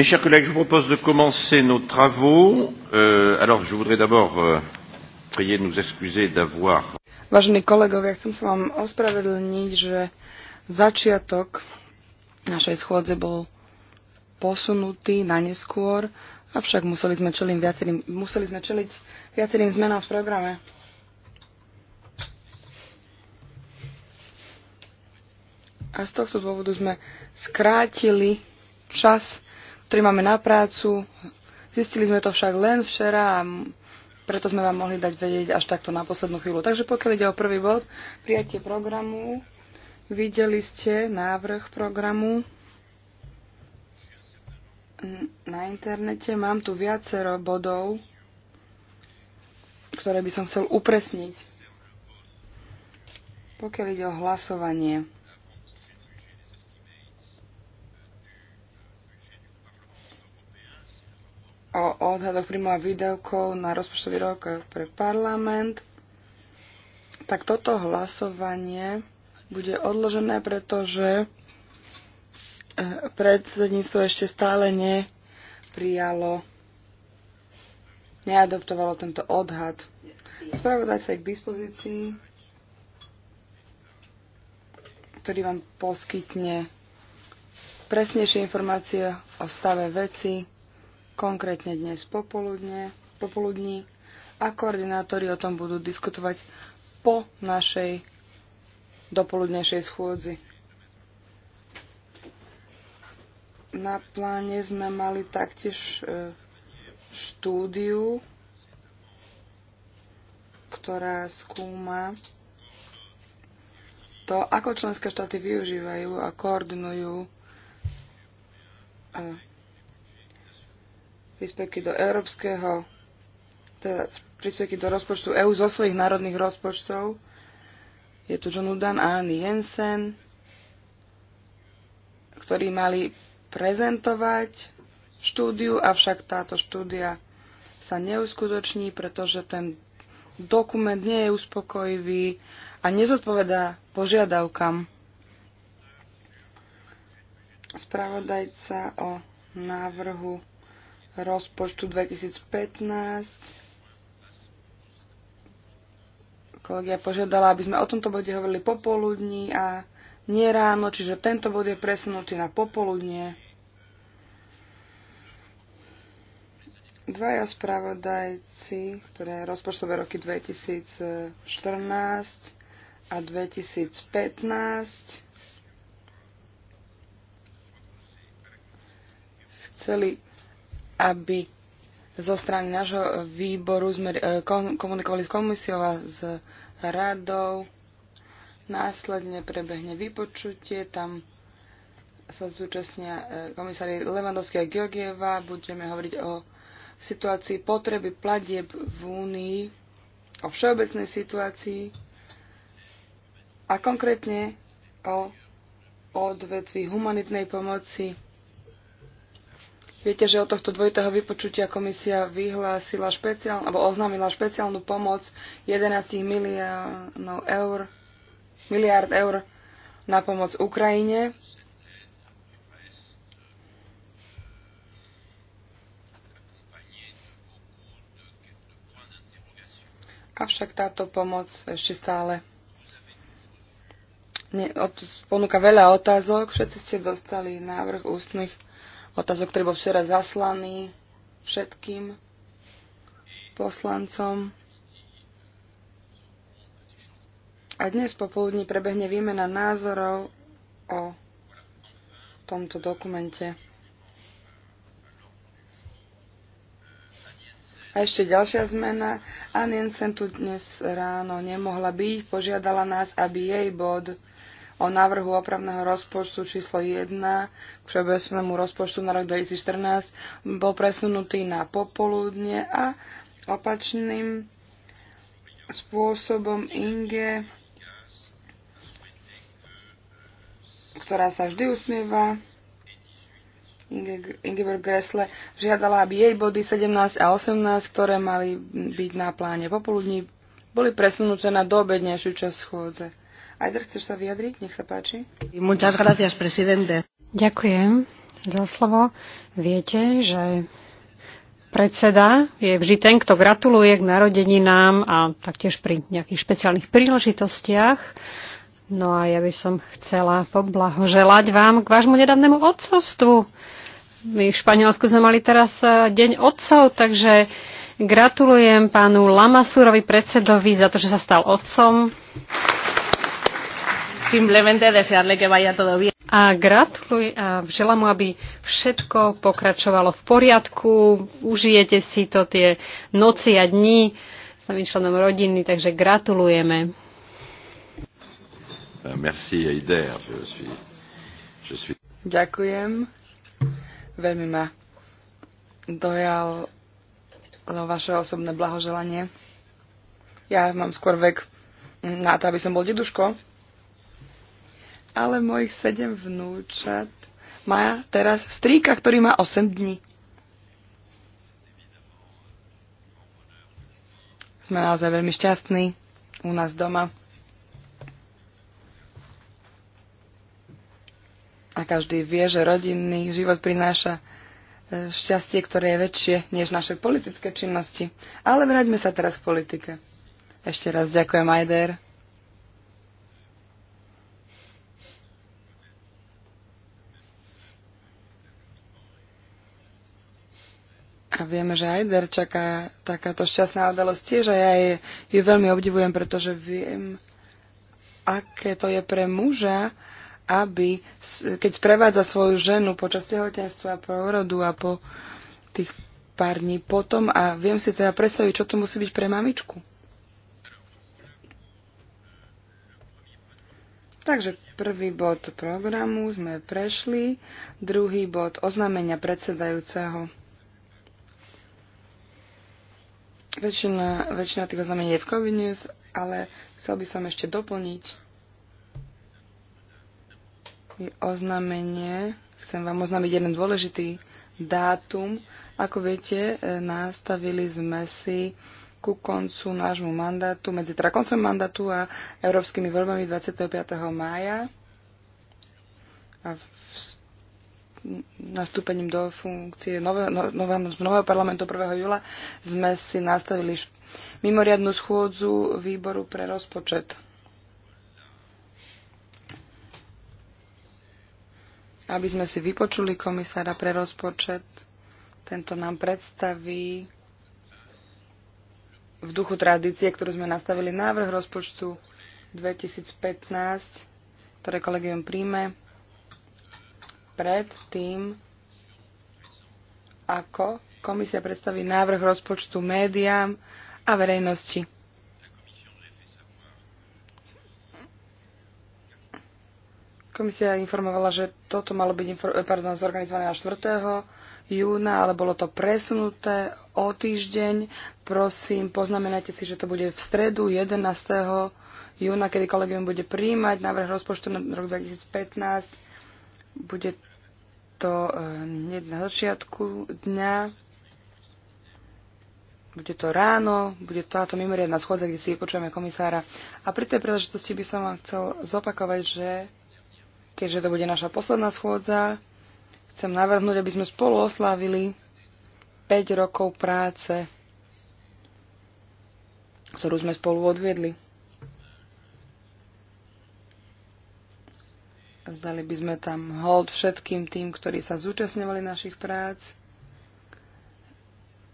Mes chers collègues, je vous propose de commencer nos travaux. Euh, alors, je voudrais d'abord euh, prier de nous excuser d'avoir. Vážení kolegovia, chcem sa vám ospravedlniť, že začiatok našej schôdze bol posunutý na neskôr, avšak museli sme, čeliť viacerým, museli sme čeliť viacerým zmenám v programe. A z tohto dôvodu sme skrátili čas ktorý máme na prácu. Zistili sme to však len včera a preto sme vám mohli dať vedieť až takto na poslednú chvíľu. Takže pokiaľ ide o prvý bod, prijatie programu, videli ste návrh programu na internete. Mám tu viacero bodov, ktoré by som chcel upresniť. Pokiaľ ide o hlasovanie. o odhadoch príjmov a výdavkov na rozpočtový rok pre parlament, tak toto hlasovanie bude odložené, pretože e, predsedníctvo ešte stále neprijalo, neadoptovalo tento odhad. sa aj k dispozícii, ktorý vám poskytne presnejšie informácie o stave veci konkrétne dnes popoludne, popoludní a koordinátori o tom budú diskutovať po našej dopoludnejšej schôdzi. Na pláne sme mali taktiež e, štúdiu, ktorá skúma to, ako členské štáty využívajú a koordinujú e, príspevky do európskeho, teda príspevky do rozpočtu EÚ zo svojich národných rozpočtov. Je tu John Udan a Annie Jensen, ktorí mali prezentovať štúdiu, avšak táto štúdia sa neuskutoční, pretože ten dokument nie je uspokojivý a nezodpovedá požiadavkám. Spravodajca o návrhu rozpočtu 2015. Kolegia požiadala, aby sme o tomto bode hovorili popoludní a nie ráno, čiže tento bod je presunutý na popoludnie. Dvaja spravodajci pre rozpočtové roky 2014 a 2015 chceli aby zo strany nášho výboru sme e, komunikovali s komisiou a s radou. Následne prebehne vypočutie, tam sa zúčastnia e, komisári Levandovský a Georgieva. Budeme hovoriť o situácii potreby platieb v Únii, o všeobecnej situácii a konkrétne o odvetvi humanitnej pomoci Viete, že od tohto dvojitého vypočutia komisia vyhlásila špeciál, alebo oznámila špeciálnu pomoc 11 miliónov eur, miliard eur na pomoc Ukrajine. Avšak táto pomoc ešte stále ponúka veľa otázok. Všetci ste dostali návrh ústnych otázok, ktorý bol včera zaslaný všetkým poslancom. A dnes popoludní prebehne výmena názorov o tomto dokumente. A ešte ďalšia zmena. Ann Jensen tu dnes ráno nemohla byť, požiadala nás, aby jej bod o návrhu opravného rozpočtu číslo 1 k všeobecnému rozpočtu na rok 2014 bol presunutý na popoludne a opačným spôsobom Inge, ktorá sa vždy usmieva, Inge, Ingeborg Gressle žiadala, aby jej body 17 a 18, ktoré mali byť na pláne popoludní, boli presunuté na dobednejšiu časť schôdze. Ajder, chceš sa vyjadriť? Nech sa páči. Muchas gracias, presidente. Ďakujem za slovo. Viete, že predseda je vždy ten, kto gratuluje k narodení nám a taktiež pri nejakých špeciálnych príležitostiach. No a ja by som chcela poblahoželať vám k vášmu nedávnemu odcovstvu. My v Španielsku sme mali teraz e, deň odcov, takže gratulujem pánu Lamasurovi predsedovi za to, že sa stal otcom simplemente desearle que vaya todo bien. A gratuluj a želám mu, aby všetko pokračovalo v poriadku, užijete si to tie noci a dní s novým členom rodiny, takže gratulujeme. Euh, merci, Eider. Je suis, je suis... Ďakujem. Veľmi ma dojalo vaše osobné blahoželanie. Ja mám skôr vek na to, aby som bol deduško ale mojich sedem vnúčat má teraz strýka, ktorý má 8 dní. Sme naozaj veľmi šťastní u nás doma. A každý vie, že rodinný život prináša e, šťastie, ktoré je väčšie než naše politické činnosti. Ale vráťme sa teraz k politike. Ešte raz ďakujem, Ajder. vieme, že aj Der čaká takáto šťastná udalosť tiež a ja jej, ju veľmi obdivujem, pretože viem, aké to je pre muža, aby, keď sprevádza svoju ženu počas tehotenstva, po a po tých pár dní potom a viem si teda predstaviť, čo to musí byť pre mamičku. Takže prvý bod programu sme prešli, druhý bod oznámenia predsedajúceho. Väčšina, väčšina tých oznámení je v COVID News, ale chcel by som ešte doplniť oznámenie. Chcem vám oznámiť jeden dôležitý dátum. Ako viete, eh, nastavili sme si ku koncu nášmu mandátu, medzi teda koncom mandátu a európskymi voľbami 25. mája. A v nastúpením do funkcie nového, no, nového, nového parlamentu 1. júla sme si nastavili mimoriadnú schôdzu výboru pre rozpočet. Aby sme si vypočuli komisára pre rozpočet, tento nám predstaví v duchu tradície, ktorú sme nastavili návrh rozpočtu 2015, ktoré kolegium príjme pred tým, ako komisia predstaví návrh rozpočtu médiám a verejnosti. Komisia informovala, že toto malo byť pardon, zorganizované až 4. júna, ale bolo to presunuté o týždeň. Prosím, poznamenajte si, že to bude v stredu 11. júna, kedy kolegium bude príjmať návrh rozpočtu na rok 2015. Bude to e, hneď na začiatku dňa. Bude to ráno, bude to táto mimoriadná schôdza, kde si počujeme komisára. A pri tej príležitosti by som vám chcel zopakovať, že keďže to bude naša posledná schôdza, chcem navrhnúť, aby sme spolu oslávili 5 rokov práce, ktorú sme spolu odviedli. Vzdali by sme tam hold všetkým tým, ktorí sa zúčastňovali našich prác.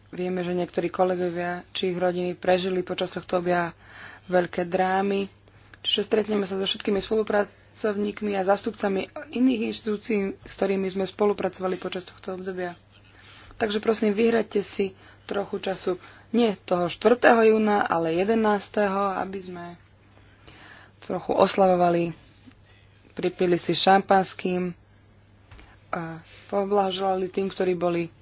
Vieme, že niektorí kolegovia či ich rodiny prežili počas tohto obja veľké drámy. Čiže stretneme sa so všetkými spolupracovníkmi a zastupcami iných inštitúcií, s ktorými sme spolupracovali počas tohto obdobia. Takže prosím, vyhrajte si trochu času. Nie toho 4. júna, ale 11. aby sme trochu oslavovali pripili si šampanským, poblažovali tým, ktorí, boli,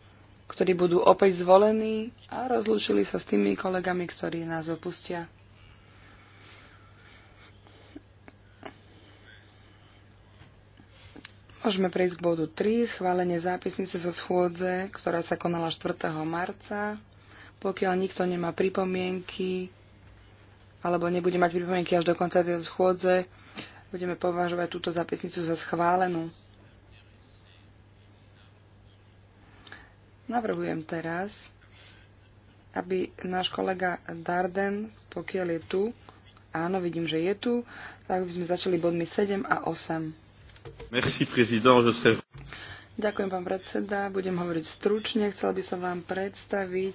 ktorí budú opäť zvolení a rozlúčili sa s tými kolegami, ktorí nás opustia. Môžeme prejsť k bodu 3, schválenie zápisnice zo schôdze, ktorá sa konala 4. marca. Pokiaľ nikto nemá pripomienky, alebo nebude mať pripomienky až do konca tej schôdze, Budeme považovať túto zapisnicu za schválenú. Navrhujem teraz, aby náš kolega Darden, pokiaľ je tu, áno, vidím, že je tu, tak by sme začali bodmi 7 a 8. Merci, président, je serai... Ďakujem, pán predseda. Budem hovoriť stručne. Chcel by som vám predstaviť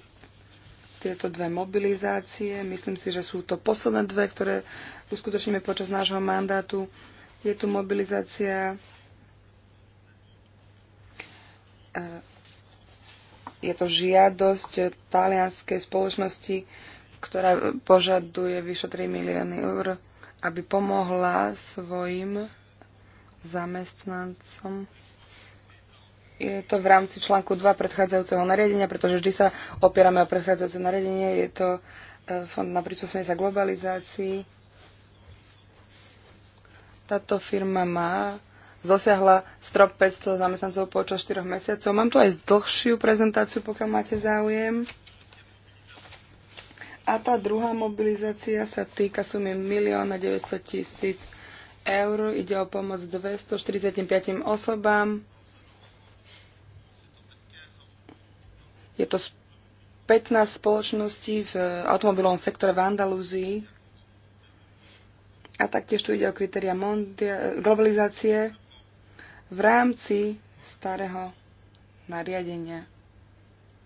tieto dve mobilizácie. Myslím si, že sú to posledné dve, ktoré uskutočníme počas nášho mandátu. Je tu mobilizácia eh, je to žiadosť talianskej spoločnosti, ktorá požaduje vyše 3 milióny eur, aby pomohla svojim zamestnancom je to v rámci článku 2 predchádzajúceho nariadenia, pretože vždy sa opierame o predchádzajúce nariadenie. Je to e, fond na príčasenie sa globalizácii. Táto firma má zosiahla strop 500 zamestnancov počas 4 mesiacov. Mám tu aj dlhšiu prezentáciu, pokiaľ máte záujem. A tá druhá mobilizácia sa týka sumy 1 900 000 eur. Ide o pomoc 245 osobám Je to 15 spoločností v automobilovom sektore v Andalúzii. A taktiež tu ide o kritéria globalizácie v rámci starého nariadenia.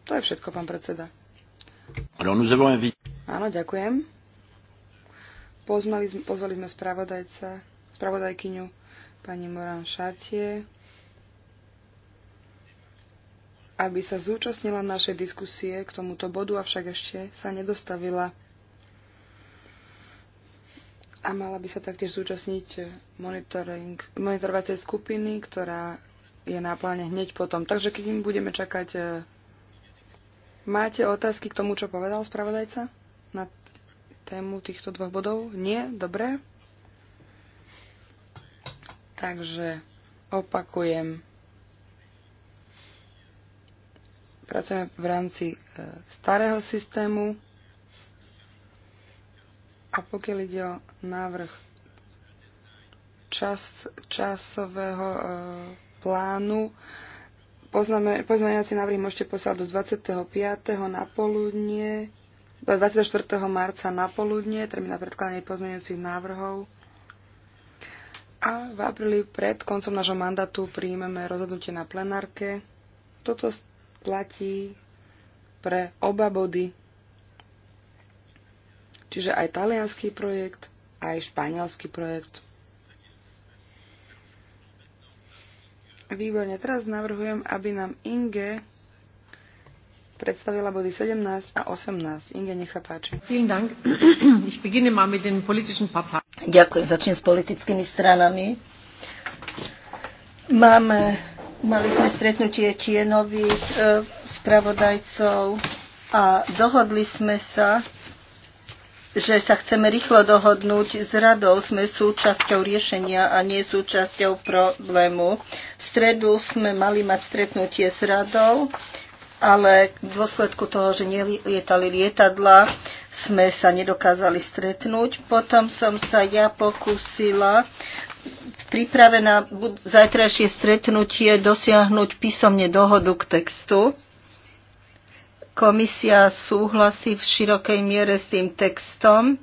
To je všetko, pán predseda. Áno, ďakujem. pozvali sme spravodajca, spravodajkyňu pani Moran Šartie aby sa zúčastnila našej diskusie k tomuto bodu, avšak ešte sa nedostavila. A mala by sa taktiež zúčastniť monitoring, monitorovacej skupiny, ktorá je na pláne hneď potom. Takže keď im budeme čakať, e, máte otázky k tomu, čo povedal spravodajca na tému týchto dvoch bodov? Nie? Dobre. Takže opakujem. Pracujeme v rámci e, starého systému a pokiaľ ide o návrh čas, časového e, plánu, poznamenáci návrhy môžete poslať do 25. na poludnie, 24. marca na poludnie, termín na predkladanie pozmeňujúcich návrhov. A v apríli pred koncom nášho mandátu príjmeme rozhodnutie na plenárke. Toto platí pre oba body. Čiže aj talianský projekt, aj španielský projekt. Výborne, teraz navrhujem, aby nám Inge predstavila body 17 a 18. Inge, nech sa páči. Ďakujem, začnem s politickými stranami. Máme Mali sme stretnutie tienových e, spravodajcov a dohodli sme sa, že sa chceme rýchlo dohodnúť s radou. Sme súčasťou riešenia a nie súčasťou problému. V stredu sme mali mať stretnutie s radou, ale v dôsledku toho, že nelietali lietadla, sme sa nedokázali stretnúť. Potom som sa ja pokúsila v príprave na zajtrajšie stretnutie dosiahnuť písomne dohodu k textu. Komisia súhlasí v širokej miere s tým textom,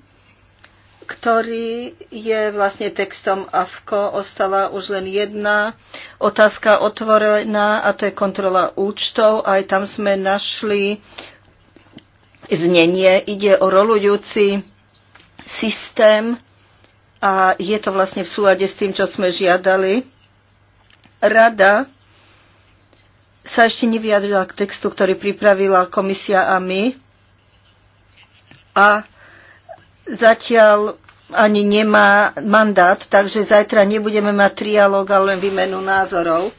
ktorý je vlastne textom AFKO. Ostala už len jedna otázka otvorená a to je kontrola účtov. Aj tam sme našli znenie. Ide o rolujúci systém a je to vlastne v súlade s tým, čo sme žiadali. Rada sa ešte nevyjadrila k textu, ktorý pripravila komisia a my. A zatiaľ ani nemá mandát, takže zajtra nebudeme mať trialóg, ale len výmenu názorov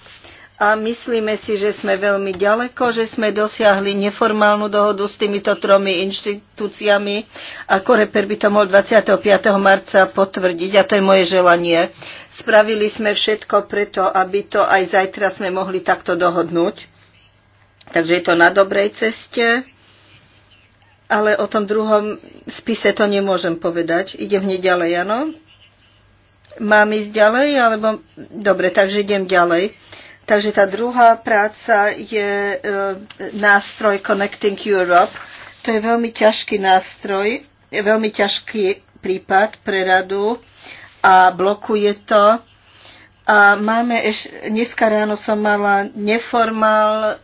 a myslíme si, že sme veľmi ďaleko, že sme dosiahli neformálnu dohodu s týmito tromi inštitúciami a Koreper by to mohol 25. marca potvrdiť a to je moje želanie. Spravili sme všetko preto, aby to aj zajtra sme mohli takto dohodnúť. Takže je to na dobrej ceste, ale o tom druhom spise to nemôžem povedať. Idem hneď ďalej, áno? Mám ísť ďalej, alebo... Dobre, takže idem ďalej. Takže tá druhá práca je e, nástroj Connecting Europe. To je veľmi ťažký nástroj, je veľmi ťažký prípad pre radu a blokuje to. A máme eš, dneska ráno som mala neformálne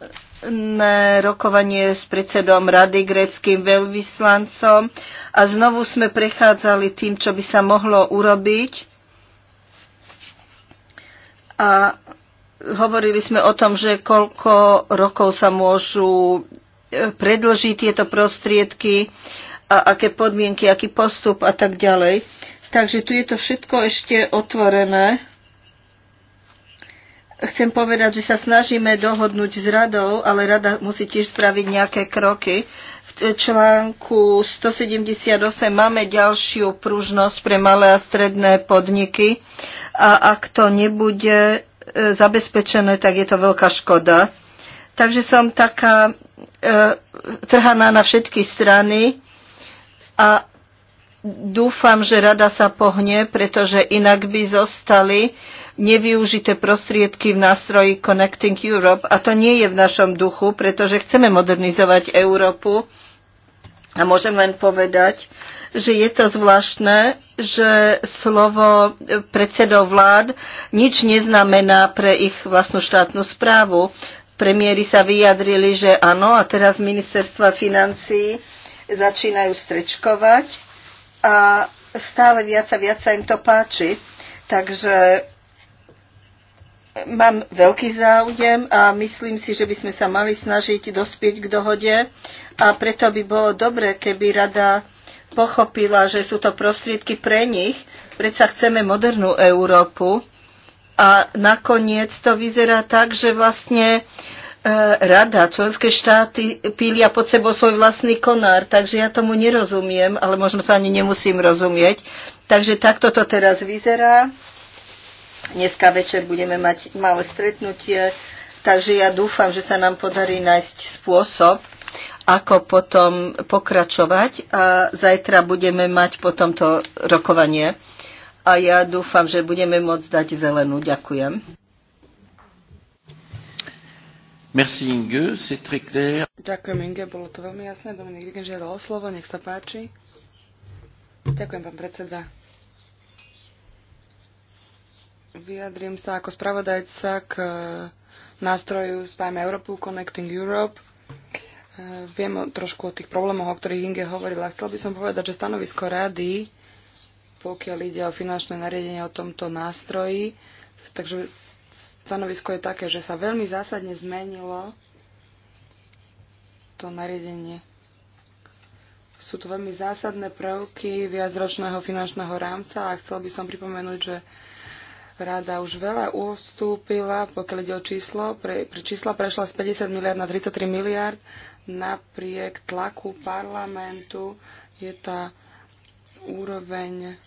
rokovanie s predsedom rady gréckým veľvyslancom a znovu sme prechádzali tým, čo by sa mohlo urobiť. A hovorili sme o tom, že koľko rokov sa môžu e, predlžiť tieto prostriedky a aké podmienky, aký postup a tak ďalej. Takže tu je to všetko ešte otvorené. Chcem povedať, že sa snažíme dohodnúť s radou, ale rada musí tiež spraviť nejaké kroky. V článku 178 máme ďalšiu pružnosť pre malé a stredné podniky a ak to nebude E, zabezpečené, tak je to veľká škoda. Takže som taká e, trhaná na všetky strany a dúfam, že rada sa pohne, pretože inak by zostali nevyužité prostriedky v nástroji Connecting Europe a to nie je v našom duchu, pretože chceme modernizovať Európu a môžem len povedať, že je to zvláštne, že slovo e, predsedov vlád nič neznamená pre ich vlastnú štátnu správu. Premiéry sa vyjadrili, že áno, a teraz ministerstva financí začínajú strečkovať a stále viac a viac sa im to páči. Takže mám veľký záujem a myslím si, že by sme sa mali snažiť dospieť k dohode a preto by bolo dobre, keby rada pochopila, že sú to prostriedky pre nich. Predsa chceme modernú Európu. A nakoniec to vyzerá tak, že vlastne e, rada, členské štáty pília pod sebou svoj vlastný konár, takže ja tomu nerozumiem, ale možno to ani nemusím rozumieť. Takže takto to teraz vyzerá. Dneska večer budeme mať malé stretnutie, takže ja dúfam, že sa nám podarí nájsť spôsob, ako potom pokračovať a zajtra budeme mať potom to rokovanie. A ja dúfam, že budeme môcť dať zelenú. Ďakujem. Merci Inge, c'est très clair. Ďakujem Inge, bolo to veľmi jasné. Dominik Rigen žiadal o slovo, nech sa páči. Ďakujem, pán predseda. Vyjadrím sa ako spravodajca k eh, nástroju Spájme Európu, Connecting Europe. Viem trošku o tých problémoch, o ktorých Inge hovorila. Chcel by som povedať, že stanovisko rady, pokiaľ ide o finančné nariadenie o tomto nástroji, takže stanovisko je také, že sa veľmi zásadne zmenilo to nariadenie. Sú to veľmi zásadné prvky viacročného finančného rámca a chcel by som pripomenúť, že Rada už veľa ustúpila, pokiaľ ide o číslo. Pre, pre čísla prešla z 50 miliard na 33 miliard. Napriek tlaku parlamentu je tá úroveň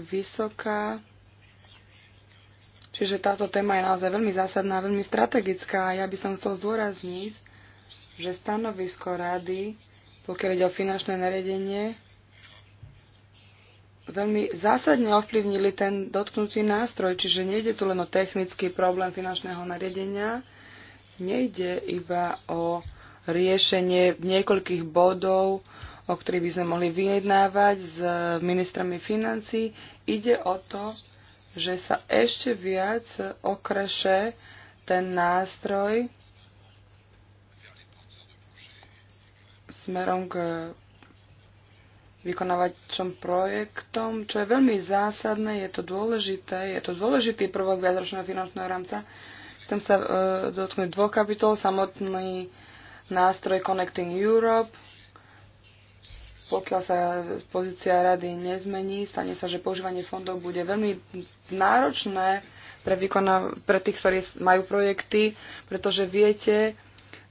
vysoká. Čiže táto téma je naozaj veľmi zásadná, veľmi strategická a ja by som chcel zdôrazniť, že stanovisko rady, pokiaľ ide o finančné nariadenie, veľmi zásadne ovplyvnili ten dotknutý nástroj, čiže nejde tu len o technický problém finančného nariadenia, nejde iba o riešenie niekoľkých bodov, o ktorých by sme mohli vyjednávať s ministrami financí. Ide o to, že sa ešte viac okreše ten nástroj smerom k vykonávačom projektom, čo je veľmi zásadné, je to dôležité, je to dôležitý prvok viacročného finančného rámca. Chcem sa e, dotknúť dvoch kapitol, samotný nástroj Connecting Europe, pokiaľ sa pozícia rady nezmení, stane sa, že používanie fondov bude veľmi náročné pre, výkona, pre tých, ktorí majú projekty, pretože viete,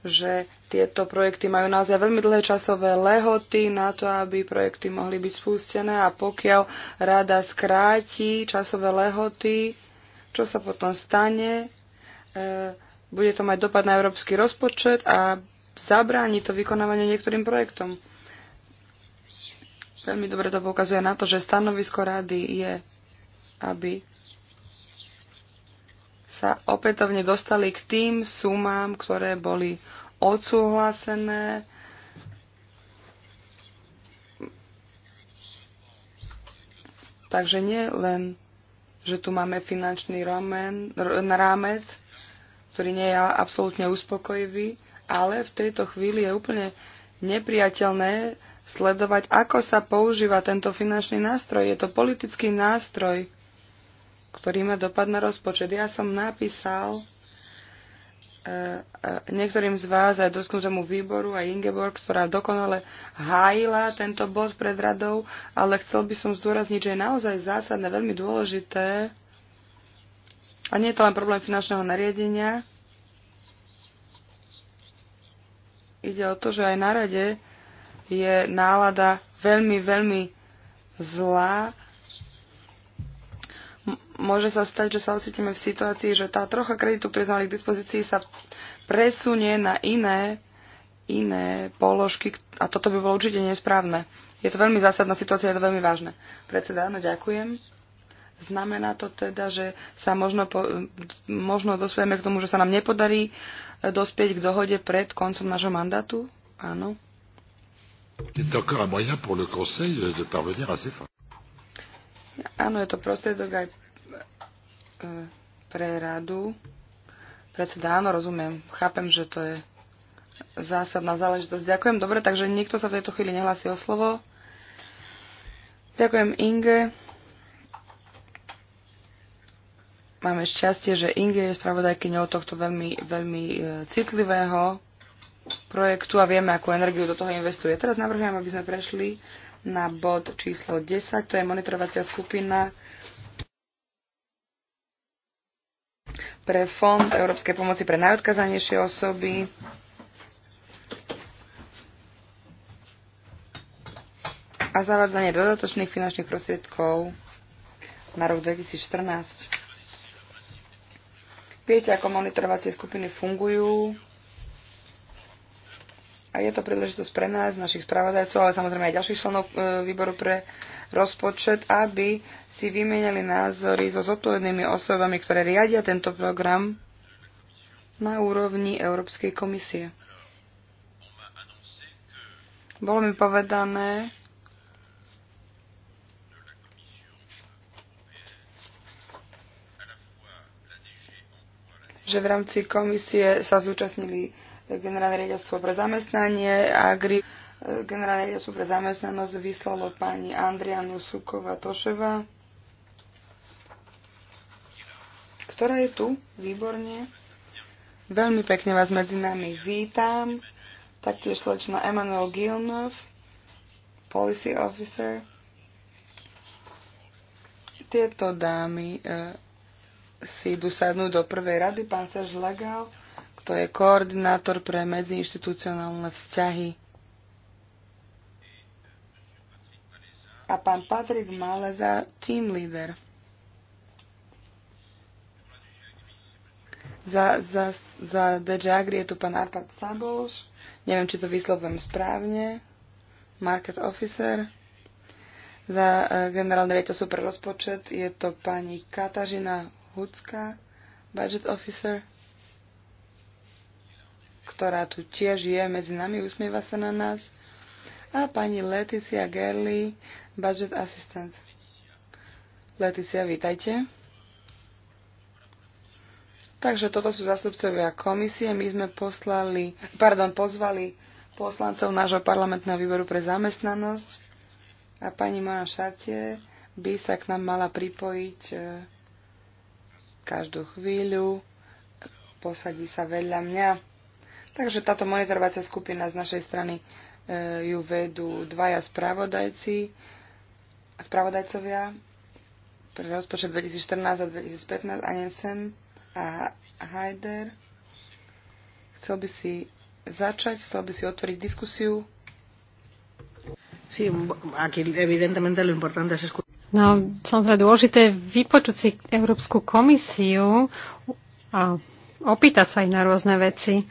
že tieto projekty majú naozaj veľmi dlhé časové lehoty na to, aby projekty mohli byť spustené a pokiaľ rada skráti časové lehoty, čo sa potom stane, e, bude to mať dopad na európsky rozpočet a zabráni to vykonávanie niektorým projektom. Veľmi dobre to poukazuje na to, že stanovisko rady je, aby sa opätovne dostali k tým sumám, ktoré boli odsúhlasené. Takže nie len, že tu máme finančný ramen, rámec, ktorý nie je absolútne uspokojivý, ale v tejto chvíli je úplne nepriateľné sledovať, ako sa používa tento finančný nástroj. Je to politický nástroj ktorý má dopad na rozpočet. Ja som napísal e, e, niektorým z vás aj dotknutému výboru a Ingeborg, ktorá dokonale hájila tento bod pred radou, ale chcel by som zdôrazniť, že je naozaj zásadné, veľmi dôležité a nie je to len problém finančného nariadenia, ide o to, že aj na rade je nálada veľmi, veľmi zlá môže sa stať, že sa ocitíme v situácii, že tá trocha kreditu, ktorý sme mali k dispozícii, sa presunie na iné, iné položky a toto by bolo určite nesprávne. Je to veľmi zásadná situácia, je to veľmi vážne. Predseda, áno, ďakujem. Znamená to teda, že sa možno, po, možno dospieme k tomu, že sa nám nepodarí eh, dospieť k dohode pred koncom nášho mandátu? Áno. Áno, je to prostriedok aj pre radu. Predseda, áno, rozumiem. Chápem, že to je zásadná záležitosť. Ďakujem. Dobre, takže nikto sa v tejto chvíli nehlási o slovo. Ďakujem Inge. Máme šťastie, že Inge je spravodajkyňou tohto veľmi, veľmi e, citlivého projektu a vieme, akú energiu do toho investuje. Teraz navrhujem, aby sme prešli na bod číslo 10, to je monitorovacia skupina pre Fond Európskej pomoci pre najodkazanejšie osoby. a zavádzanie dodatočných finančných prostriedkov na rok 2014. Viete, ako monitorovacie skupiny fungujú. A je to príležitosť pre nás, našich spravodajcov, ale samozrejme aj ďalších členov e, výboru pre rozpočet, aby si vymenili názory so zodpovednými osobami, ktoré riadia tento program na úrovni Európskej komisie. Bolo mi povedané, že v rámci komisie sa zúčastnili generálne riaditeľstvo pre zamestnanie, Agri, e, generálne riaditeľstvo pre zamestnanosť vyslalo pani Andrianu Sukova Toševa, ktorá je tu, výborne. Veľmi pekne vás medzi nami vítam. Taktiež slečna Emanuel Gilnov, policy officer. Tieto dámy e, si idú sadnúť do prvej rady, pán Serž Legal to je koordinátor pre medziinstitucionálne vzťahy. A pán Patrik Maleza, team leader. Za, za, za Agri je tu pán Arpad Sabolš, neviem, či to vyslovujem správne, market officer. Za uh, e, generálne riaditeľstvo super rozpočet je to pani Katažina Hucka, budget officer ktorá tu tiež je medzi nami, usmieva sa na nás. A pani Leticia Gerli, budget assistant. Leticia, vítajte. Takže toto sú zastupcovia komisie. My sme poslali, pardon, pozvali poslancov nášho parlamentného výboru pre zamestnanosť a pani Mona Šatie by sa k nám mala pripojiť e, každú chvíľu. Posadí sa vedľa mňa. Takže táto monitorovacia skupina z našej strany e, ju vedú dvaja spravodajci, spravodajcovia pre rozpočet 2014 a 2015, Anjensen a Haider. Chcel by si začať, chcel by si otvoriť diskusiu. Sí, aquí evidentemente lo importante es escuchar. No, samozrejme dôležité vypočuť si Európsku komisiu a opýtať sa aj na rôzne veci.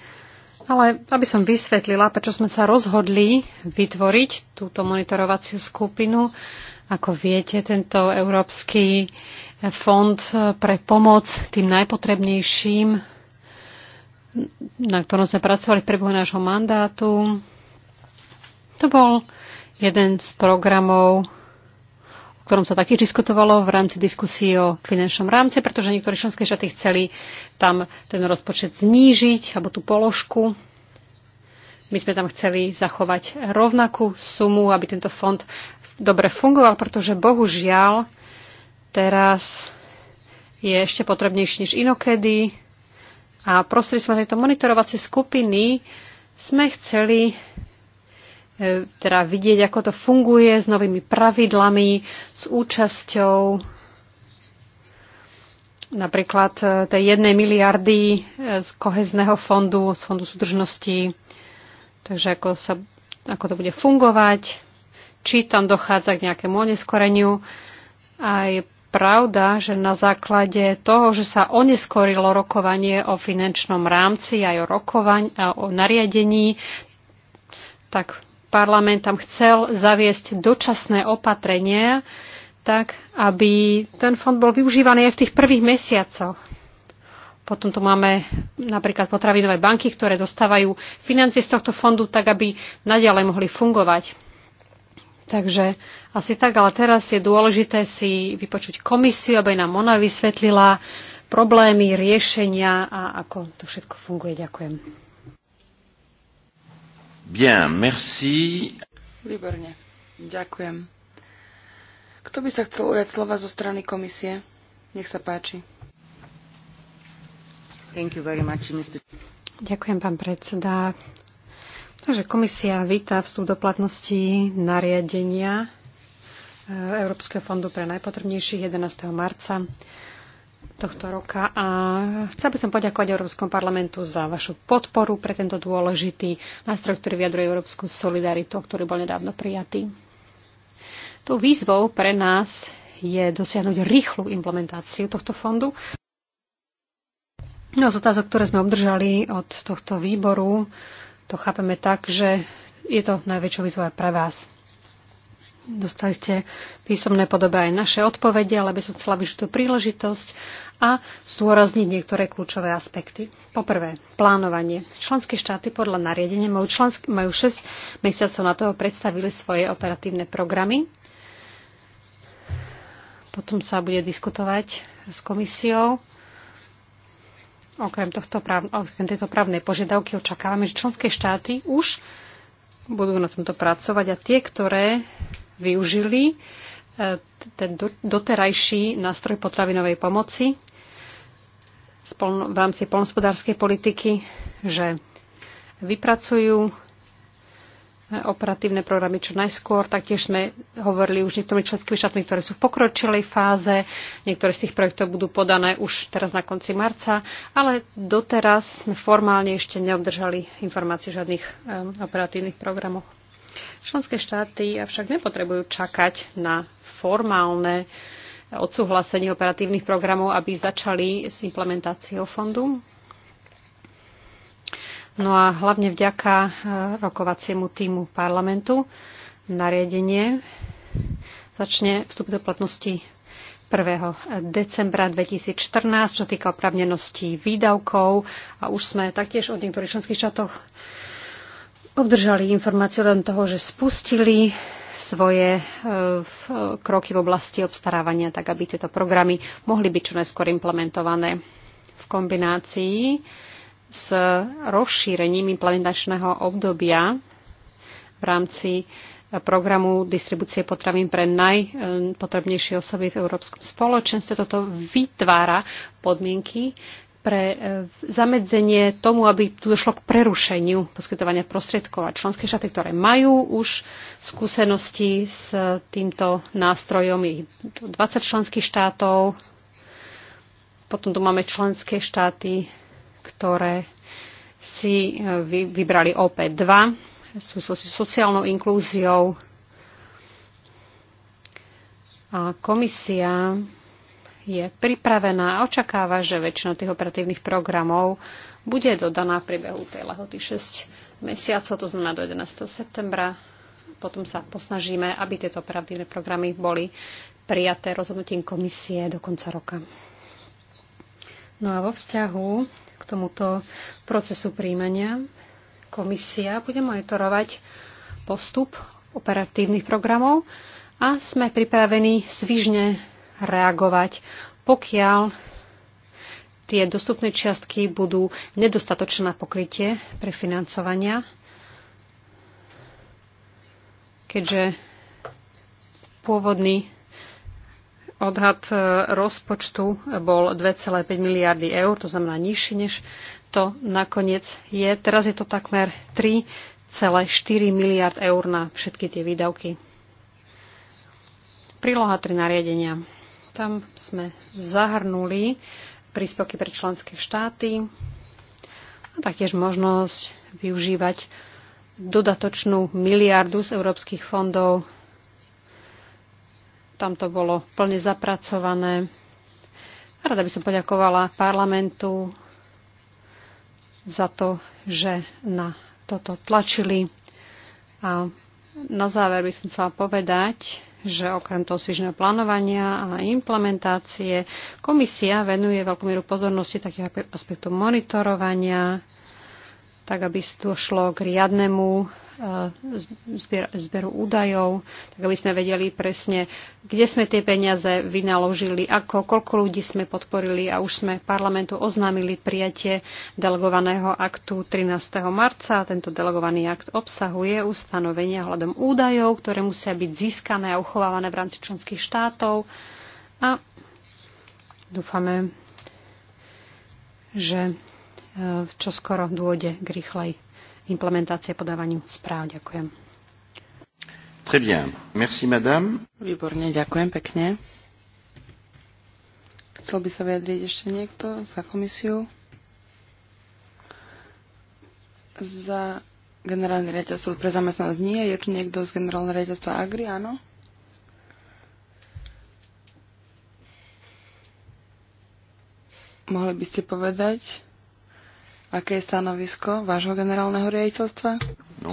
Ale aby som vysvetlila, prečo sme sa rozhodli vytvoriť túto monitorovaciu skupinu, ako viete, tento Európsky fond pre pomoc tým najpotrebnejším, na ktorom sme pracovali v priebehu nášho mandátu, to bol jeden z programov ktorom sa taktiež diskutovalo v rámci diskusie o finančnom rámci, pretože niektorí členské štáty chceli tam ten rozpočet znížiť, alebo tú položku. My sme tam chceli zachovať rovnakú sumu, aby tento fond dobre fungoval, pretože bohužiaľ teraz je ešte potrebnejší než inokedy. A prostredstvom tejto monitorovacej skupiny sme chceli E, teda vidieť, ako to funguje s novými pravidlami, s účasťou napríklad e, tej jednej miliardy e, z kohezného fondu, z fondu súdržnosti, takže ako, sa, ako to bude fungovať, či tam dochádza k nejakému oneskoreniu. A je pravda, že na základe toho, že sa oneskorilo rokovanie o finančnom rámci aj o, rokovaň, a o nariadení, tak parlament tam chcel zaviesť dočasné opatrenia, tak aby ten fond bol využívaný aj v tých prvých mesiacoch. Potom tu máme napríklad potravinové banky, ktoré dostávajú financie z tohto fondu, tak aby nadalej mohli fungovať. Takže asi tak, ale teraz je dôležité si vypočuť komisiu, aby nám ona vysvetlila problémy, riešenia a ako to všetko funguje. Ďakujem. Bien, merci. Výborne, ďakujem. Kto by sa chcel ujať slova zo strany komisie? Nech sa páči. Thank you very much, Mr. Ďakujem, pán predseda. Takže komisia víta vstup do platnosti nariadenia e, Európskeho fondu pre najpotrebnejších 11. marca tohto roka a chcel by som poďakovať Európskom parlamentu za vašu podporu pre tento dôležitý nástroj, ktorý vyjadruje európsku solidaritu, ktorý bol nedávno prijatý. Tou výzvou pre nás je dosiahnuť rýchlu implementáciu tohto fondu. No z otázok, ktoré sme obdržali od tohto výboru, to chápeme tak, že je to najväčšou výzva pre vás. Dostali ste písomné podobe aj naše odpovede, ale by som chcela využiť tú príležitosť a zdôrazniť niektoré kľúčové aspekty. Poprvé, plánovanie. Členské štáty podľa nariadenia majú, člansk- majú 6 mesiacov na toho predstavili svoje operatívne programy. Potom sa bude diskutovať s komisiou. Okrem, tohto práv- okrem tejto právnej požiadavky očakávame, že členské štáty už budú na tomto pracovať a tie, ktoré využili e, ten doterajší nástroj potravinovej pomoci v rámci polnospodárskej politiky, že vypracujú e, operatívne programy čo najskôr. Taktiež sme hovorili už niektorými členskými štátmi, ktoré sú v pokročilej fáze. Niektoré z tých projektov budú podané už teraz na konci marca, ale doteraz sme formálne ešte neobdržali informácie o žiadnych um, operatívnych programoch. Členské štáty avšak nepotrebujú čakať na formálne odsúhlasenie operatívnych programov, aby začali s implementáciou fondu. No a hlavne vďaka e, rokovaciemu týmu parlamentu nariadenie začne vstup do platnosti 1. decembra 2014, čo týka opravnenosti výdavkov. A už sme taktiež od niektorých členských štátoch obdržali informáciu len toho, že spustili svoje e, e, kroky v oblasti obstarávania, tak aby tieto programy mohli byť čo najskôr implementované v kombinácii s rozšírením implementačného obdobia v rámci e, programu distribúcie potravín pre najpotrebnejšie osoby v Európskom spoločenstve. Toto vytvára podmienky pre e, zamedzenie tomu, aby tu došlo k prerušeniu poskytovania prostriedkov a členské štáty, ktoré majú už skúsenosti s týmto nástrojom, je 20 členských štátov. Potom tu máme členské štáty, ktoré si e, vybrali OP2 sú sociálnou inklúziou. A komisia je pripravená a očakáva, že väčšina tých operatívnych programov bude dodaná v priebehu tej lehoty 6 mesiacov, to znamená do 11. septembra. Potom sa posnažíme, aby tieto operatívne programy boli prijaté rozhodnutím komisie do konca roka. No a vo vzťahu k tomuto procesu príjmania komisia bude monitorovať postup operatívnych programov a sme pripravení svižne reagovať, pokiaľ tie dostupné čiastky budú nedostatočné na pokrytie pre financovania, keďže pôvodný odhad e, rozpočtu bol 2,5 miliardy eur, to znamená nižší než to nakoniec je. Teraz je to takmer 3,4 miliard eur na všetky tie výdavky. Príloha 3 nariadenia. Tam sme zahrnuli príspevky pre členské štáty a taktiež možnosť využívať dodatočnú miliardu z európskych fondov. Tam to bolo plne zapracované. A rada by som poďakovala parlamentu za to, že na toto tlačili. A na záver by som chcela povedať, že okrem toho sižného plánovania a implementácie komisia venuje veľkú mieru pozornosti takých aspektov monitorovania, tak aby došlo k riadnemu zbier, zberu údajov, tak aby sme vedeli presne, kde sme tie peniaze vynaložili, ako, koľko ľudí sme podporili a už sme parlamentu oznámili prijatie delegovaného aktu 13. marca. Tento delegovaný akt obsahuje ustanovenia hľadom údajov, ktoré musia byť získané a uchovávané v rámci členských štátov. A dúfame, že e, čo skoro dôjde k rýchlej implementácie podávaniu správ. Ďakujem. Très bien. Merci, madame. Výborne, ďakujem pekne. Chcel by sa vyjadriť ešte niekto za komisiu? Za generálne riaditeľstvo pre zamestnanosť nie. Je tu niekto z generálneho riaditeľstva Agri? Áno? Mohli by ste povedať? Aké je stanovisko vášho generálneho riaditeľstva? No.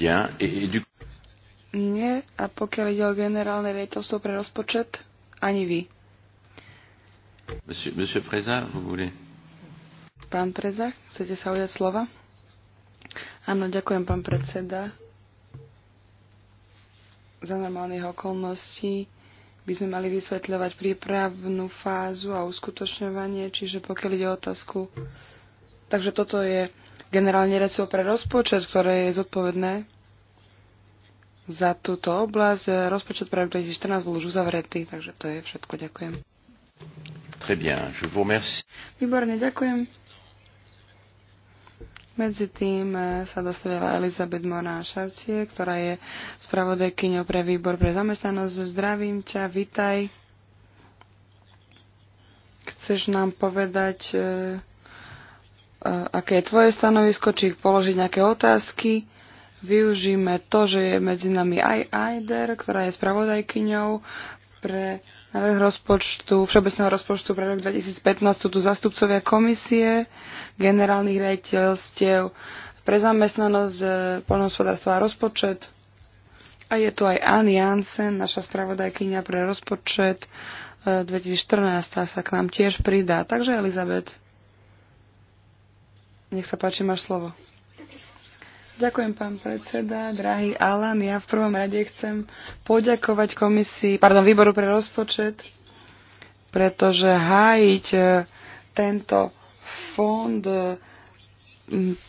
Bien, et, et du... Nie, a pokiaľ ide o generálne riaditeľstvo pre rozpočet, ani vy. Monsieur, monsieur Preza, vous voulez? Pán Preza, chcete sa ujať slova? Áno, ďakujem, pán predseda. Za normálnych okolností by sme mali vysvetľovať prípravnú fázu a uskutočňovanie, čiže pokiaľ ide o otázku. Takže toto je generálne recept pre rozpočet, ktoré je zodpovedné za túto oblasť. Rozpočet pre rok 2014 bol už uzavretý, takže to je všetko. Ďakujem. Très bien, je vous remercie. Výborne, ďakujem. Medzi tým e, sa dostavila Elizabeth Moná Šarcie, ktorá je spravodajkyňou pre výbor pre zamestnanosť. Zdravím ťa, vitaj. Chceš nám povedať, e, e, aké je tvoje stanovisko, či položiť nejaké otázky? Využíme to, že je medzi nami aj Aider, ktorá je spravodajkyňou pre návrh rozpočtu, všeobecného rozpočtu pre rok 2015 sú tu zastupcovia komisie, generálnych rejiteľstiev pre zamestnanosť, e, poľnohospodárstvo a rozpočet. A je tu aj Ann Jansen, naša spravodajkynia pre rozpočet 2014 e, sa k nám tiež pridá. Takže Elizabet, nech sa páči, máš slovo. Ďakujem, pán predseda. Drahý Alan, ja v prvom rade chcem poďakovať komisii, pardon, výboru pre rozpočet, pretože hájiť e, tento fond e,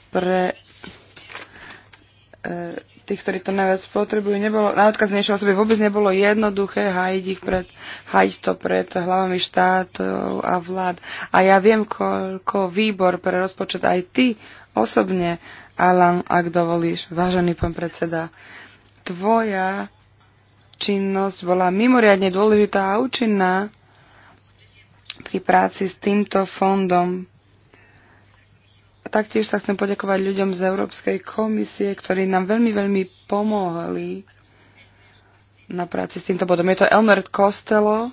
pre e, tých, ktorí to najviac potrebujú, nebolo, najodkaznejšie osoby vôbec nebolo jednoduché hájiť, ich pred, hájiť to pred hlavami štátov a vlád. A ja viem, koľko výbor pre rozpočet aj ty osobne Alan, ak dovolíš, vážený pán predseda, tvoja činnosť bola mimoriadne dôležitá a účinná pri práci s týmto fondom. Taktiež sa chcem poďakovať ľuďom z Európskej komisie, ktorí nám veľmi, veľmi pomohli na práci s týmto bodom. Je to Elmer Costello,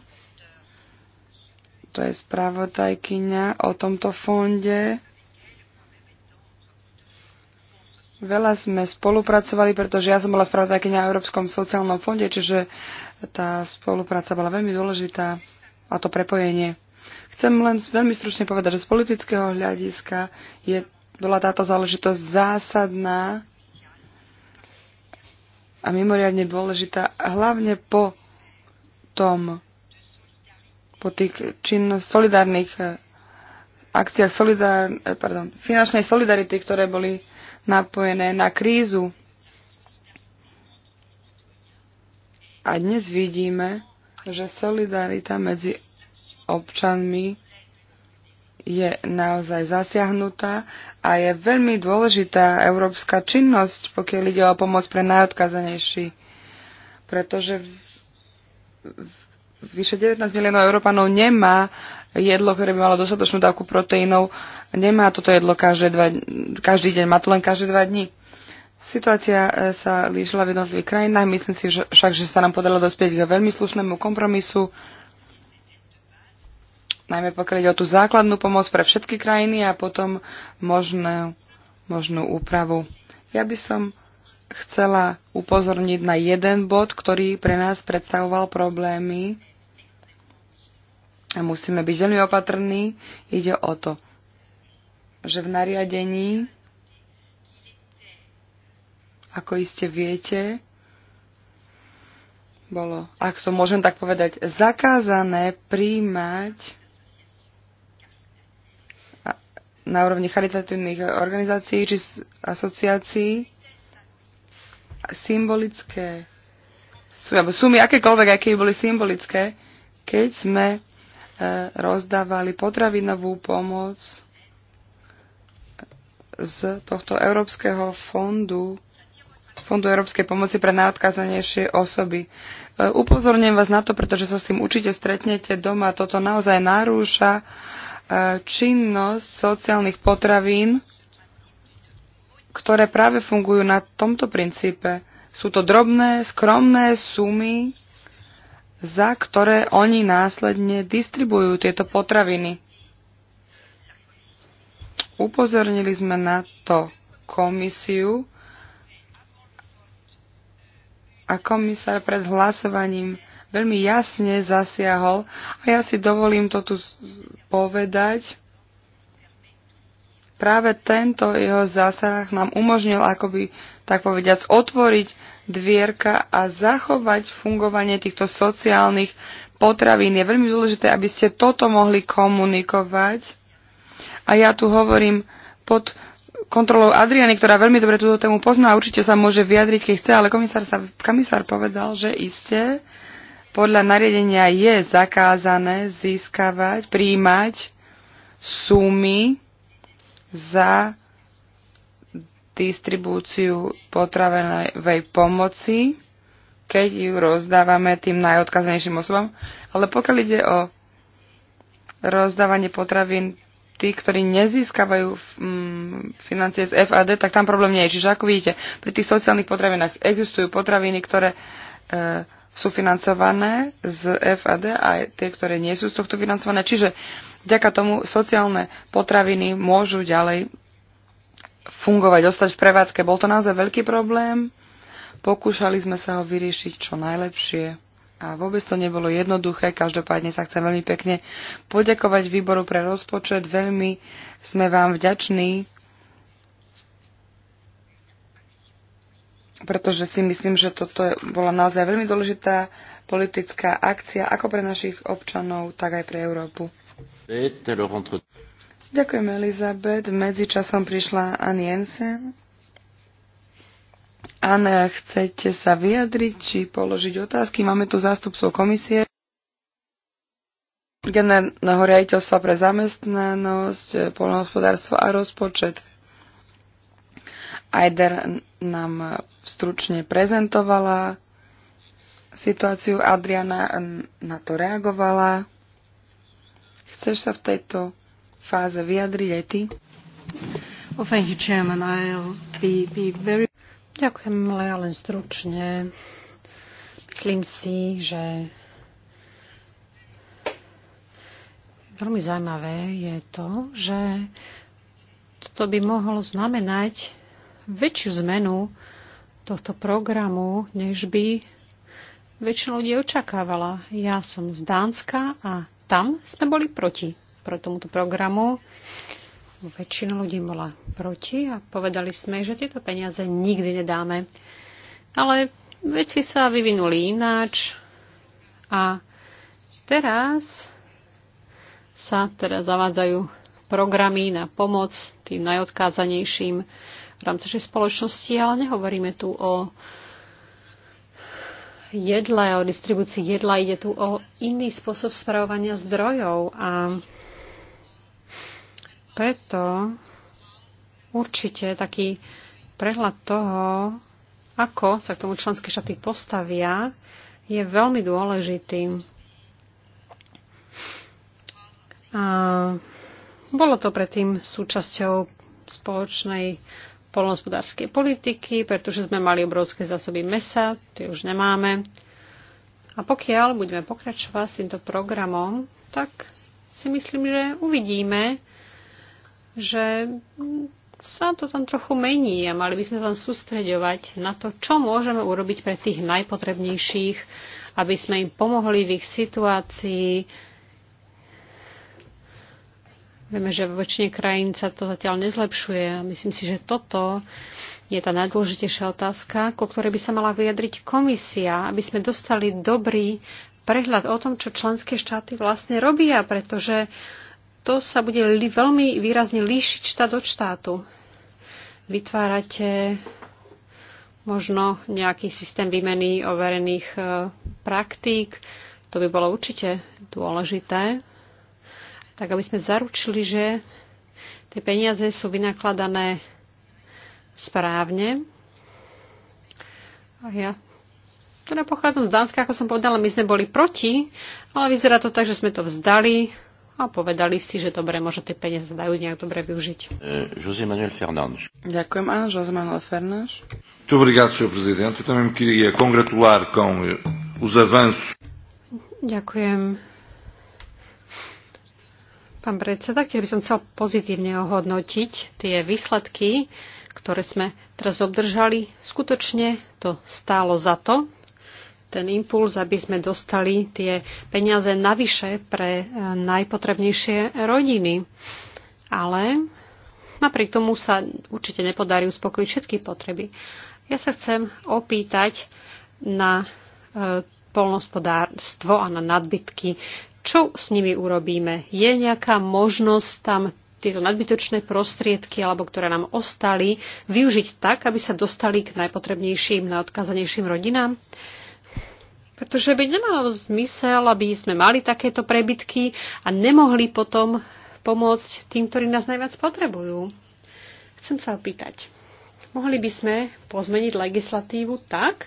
to je spravodajkyňa o tomto fonde Veľa sme spolupracovali, pretože ja som bola spravodajkynia na Európskom sociálnom fonde, čiže tá spolupráca bola veľmi dôležitá a to prepojenie. Chcem len veľmi stručne povedať, že z politického hľadiska je, bola táto záležitosť zásadná a mimoriadne dôležitá, hlavne po tom, po tých činnosť solidárnych eh, akciách solidár, eh, pardon, finančnej solidarity, ktoré boli napojené na krízu. A dnes vidíme, že solidarita medzi občanmi je naozaj zasiahnutá a je veľmi dôležitá európska činnosť, pokiaľ ide o pomoc pre najodkazanejší. Pretože vyše 19 miliónov Európanov nemá jedlo, ktoré by malo dostatočnú dávku proteínov. Nemá toto jedlo každé dva, každý deň, má to len každé dva dní. Situácia e, sa líšila v jednotlivých krajinách. Myslím si že však, že sa nám podarilo dospieť k veľmi slušnému kompromisu, najmä pokiaľ ide o tú základnú pomoc pre všetky krajiny a potom možné, možnú úpravu. Ja by som chcela upozorniť na jeden bod, ktorý pre nás predstavoval problémy a musíme byť veľmi opatrní. Ide o to, že v nariadení, ako iste viete, bolo, ak to môžem tak povedať, zakázané príjmať na úrovni charitatívnych organizácií či asociácií symbolické sumy, alebo sumy akékoľvek, aké boli symbolické, keď sme rozdávali potravinovú pomoc z tohto Európskeho fondu, Fondu Európskej pomoci pre najodkázanejšie osoby. E, upozorňujem vás na to, pretože sa s tým určite stretnete doma. Toto naozaj narúša e, činnosť sociálnych potravín, ktoré práve fungujú na tomto princípe. Sú to drobné, skromné sumy, za ktoré oni následne distribujú tieto potraviny. Upozornili sme na to komisiu a komisár pred hlasovaním veľmi jasne zasiahol a ja si dovolím to tu povedať. Práve tento jeho zásah nám umožnil akoby tak povediac otvoriť dvierka a zachovať fungovanie týchto sociálnych potravín. Je veľmi dôležité, aby ste toto mohli komunikovať. A ja tu hovorím pod kontrolou Adriany, ktorá veľmi dobre túto tému pozná určite sa môže vyjadriť, keď chce, ale komisár, sa, komisár povedal, že iste podľa nariadenia je zakázané získavať, príjmať sumy za distribúciu potravenovej pomoci, keď ju rozdávame tým najodkaznejším osobám. Ale pokiaľ ide o rozdávanie potravín tí, ktorí nezískavajú mm, financie z FAD, tak tam problém nie je. Čiže ako vidíte, pri tých sociálnych potravinách existujú potraviny, ktoré e, sú financované z FAD a tie, ktoré nie sú z tohto financované. Čiže vďaka tomu sociálne potraviny môžu ďalej fungovať, dostať v prevádzke. Bol to naozaj veľký problém. Pokúšali sme sa ho vyriešiť čo najlepšie. A vôbec to nebolo jednoduché, každopádne sa chcem veľmi pekne poďakovať výboru pre rozpočet. Veľmi sme vám vďační, pretože si myslím, že toto bola naozaj veľmi dôležitá politická akcia, ako pre našich občanov, tak aj pre Európu. Ďakujem, Elizabeth. Medzičasom prišla Ann Jensen. Anna, chcete sa vyjadriť či položiť otázky? Máme tu zástupcov komisie. Generálneho riaditeľstva pre zamestnanosť, polnohospodárstvo a rozpočet. Ajder nám stručne prezentovala situáciu, Adriana na to reagovala. Chceš sa v tejto fáze vyjadriť aj ty? Well, thank you, Chairman. I'll be, be very... Ďakujem, ale ja len stručne. Myslím si, že veľmi zaujímavé je to, že toto by mohlo znamenať väčšiu zmenu tohto programu, než by väčšina ľudí očakávala. Ja som z Dánska a tam sme boli proti pro tomuto programu. Väčšina ľudí bola proti a povedali sme, že tieto peniaze nikdy nedáme. Ale veci sa vyvinuli ináč a teraz sa teda zavádzajú programy na pomoc tým najodkázanejším v rámci spoločnosti, ale nehovoríme tu o jedle, o distribúcii jedla, ide tu o iný spôsob spravovania zdrojov a preto určite taký prehľad toho, ako sa k tomu členské štáty postavia, je veľmi dôležitý. A bolo to predtým súčasťou spoločnej polnospodárskej politiky, pretože sme mali obrovské zásoby mesa, tie už nemáme. A pokiaľ budeme pokračovať s týmto programom, tak si myslím, že uvidíme, že sa to tam trochu mení a mali by sme tam sústreďovať na to, čo môžeme urobiť pre tých najpotrebnejších, aby sme im pomohli v ich situácii. Vieme, že vo väčšine krajín sa to zatiaľ nezlepšuje a myslím si, že toto je tá najdôležitejšia otázka, ku ktorej by sa mala vyjadriť komisia, aby sme dostali dobrý prehľad o tom, čo členské štáty vlastne robia, pretože to sa bude li, veľmi výrazne líšiť štát od štátu. Vytvárate možno nejaký systém výmeny overených e, praktík. To by bolo určite dôležité, tak aby sme zaručili, že tie peniaze sú vynakladané správne. A ja teda pochádzam z Dánska, ako som povedala, my sme boli proti, ale vyzerá to tak, že sme to vzdali a povedali si, že dobre, možno tie peniaze dajú nejak dobre využiť. Uh, José Manuel Fernández. Ďakujem, áno, José Manuel Fernández. Muito obrigado, Sr. Presidente. Eu também queria congratular com eh, os avanços. Ďakujem. Pán predseda, keby som chcel pozitívne ohodnotiť tie výsledky, ktoré sme teraz obdržali. Skutočne to stálo za to, ten impuls, aby sme dostali tie peniaze navyše pre e, najpotrebnejšie rodiny. Ale napriek tomu sa určite nepodarí uspokojiť všetky potreby. Ja sa chcem opýtať na e, polnospodárstvo a na nadbytky. Čo s nimi urobíme? Je nejaká možnosť tam tieto nadbytočné prostriedky, alebo ktoré nám ostali, využiť tak, aby sa dostali k najpotrebnejším, najodkázanejším rodinám? Pretože by nemalo zmysel, aby sme mali takéto prebytky a nemohli potom pomôcť tým, ktorí nás najviac potrebujú. Chcem sa opýtať, mohli by sme pozmeniť legislatívu tak,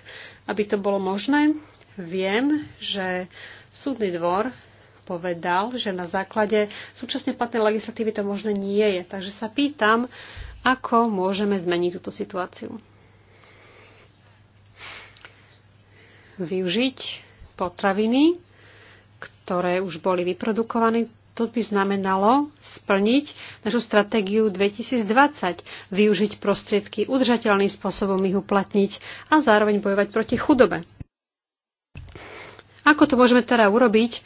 aby to bolo možné? Viem, že súdny dvor povedal, že na základe súčasne platnej legislatívy to možné nie je. Takže sa pýtam, ako môžeme zmeniť túto situáciu. využiť potraviny, ktoré už boli vyprodukované. To by znamenalo splniť našu stratégiu 2020, využiť prostriedky udržateľným spôsobom ich uplatniť a zároveň bojovať proti chudobe. Ako to môžeme teda urobiť,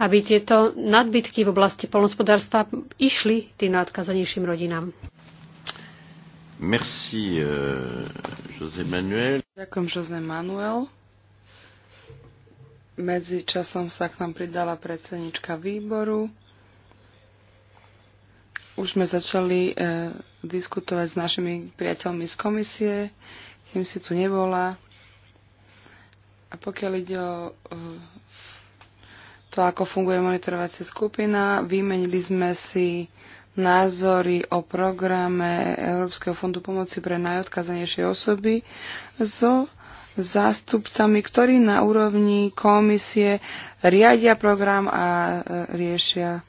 aby tieto nadbytky v oblasti polnospodárstva išli tým najodkazanejším rodinám? Merci, uh, José Manuel. Ďakujem, José Manuel. Medzi časom sa k nám pridala predsednička výboru. Už sme začali e, diskutovať s našimi priateľmi z komisie, kým si tu nebola. A pokiaľ ide o e, to, ako funguje monitorovacia skupina, vymenili sme si názory o programe Európskeho fondu pomoci pre najodkazanejšie osoby so zástupcami, ktorí na úrovni komisie riadia program a e, riešia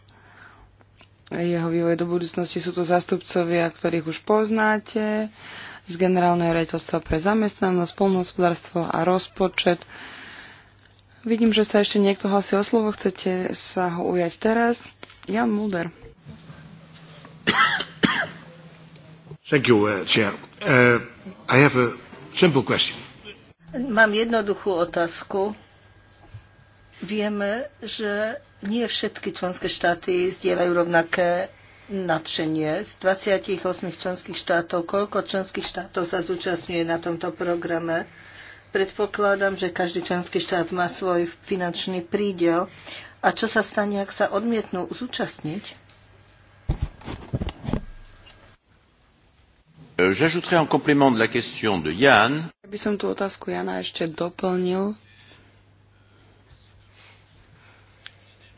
jeho vývoj do budúcnosti. Sú to zástupcovia, ktorých už poznáte z Generálneho rejtelstva pre zamestnanosť, polnohospodárstvo a rozpočet. Vidím, že sa ešte niekto hlasí o slovo. Chcete sa ho ujať teraz? Jan Mulder. Thank you, uh, Chair. Uh, I have a simple question. Mám jednoduchú otázku. Vieme, že nie všetky členské štáty zdieľajú rovnaké nadšenie. Z 28 členských štátov, koľko členských štátov sa zúčastňuje na tomto programe? Predpokladám, že každý členský štát má svoj finančný prídel. A čo sa stane, ak sa odmietnú zúčastniť? J'ajouterai en complément de la question de Yann by som tú otázku Jana ešte doplnil.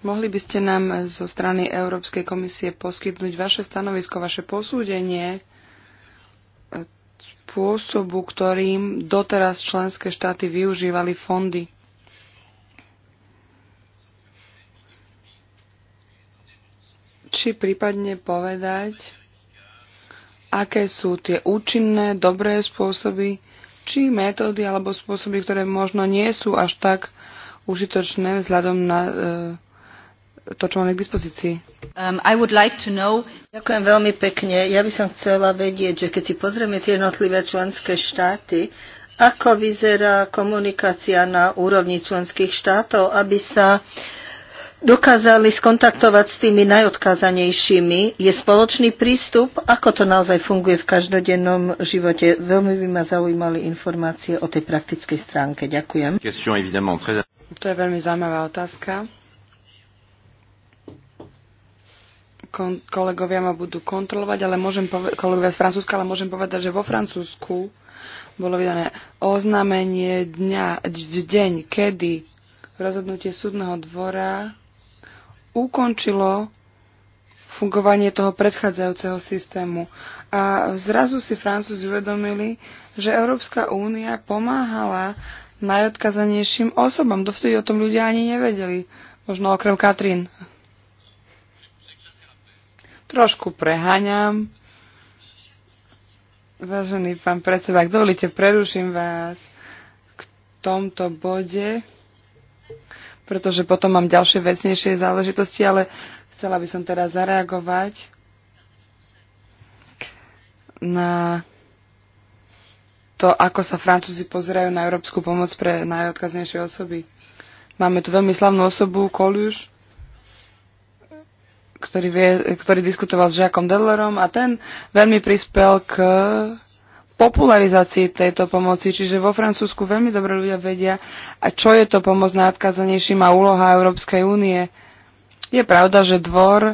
Mohli by ste nám zo strany Európskej komisie poskytnúť vaše stanovisko, vaše posúdenie spôsobu, ktorým doteraz členské štáty využívali fondy? Či prípadne povedať, aké sú tie účinné, dobré spôsoby, či metódy alebo spôsoby, ktoré možno nie sú až tak užitočné vzhľadom na e, to, čo máme k dispozícii. Um, I would like to know... Ďakujem veľmi pekne. Ja by som chcela vedieť, že keď si pozrieme tie jednotlivé členské štáty, ako vyzerá komunikácia na úrovni členských štátov, aby sa uh, dokázali skontaktovať s tými najodkázanejšími. Je spoločný prístup, ako to naozaj funguje v každodennom živote. Veľmi by ma zaujímali informácie o tej praktickej stránke. Ďakujem. To je veľmi zaujímavá otázka. Kon- kolegovia ma budú kontrolovať, ale môžem kolegovia z Francúzska, ale môžem povedať, že vo Francúzsku bolo vydané oznámenie dňa, v deň, kedy rozhodnutie súdneho dvora ukončilo fungovanie toho predchádzajúceho systému. A zrazu si Francúzi uvedomili, že Európska únia pomáhala najodkazanejším osobám. Dovtedy o tom ľudia ani nevedeli. Možno okrem Katrin. Trošku preháňam. Vážený pán predseda, ak dovolíte, preruším vás k tomto bode pretože potom mám ďalšie vecnejšie záležitosti, ale chcela by som teraz zareagovať na to, ako sa Francúzi pozerajú na európsku pomoc pre najodkaznejšie osoby. Máme tu veľmi slavnú osobu, Koliuš, ktorý, vie, ktorý diskutoval s Žakom Dellerom a ten veľmi prispel k popularizácii tejto pomoci. Čiže vo Francúzsku veľmi dobre ľudia vedia, a čo je to pomoc najodkázanejším a úloha Európskej únie. Je pravda, že dvor e,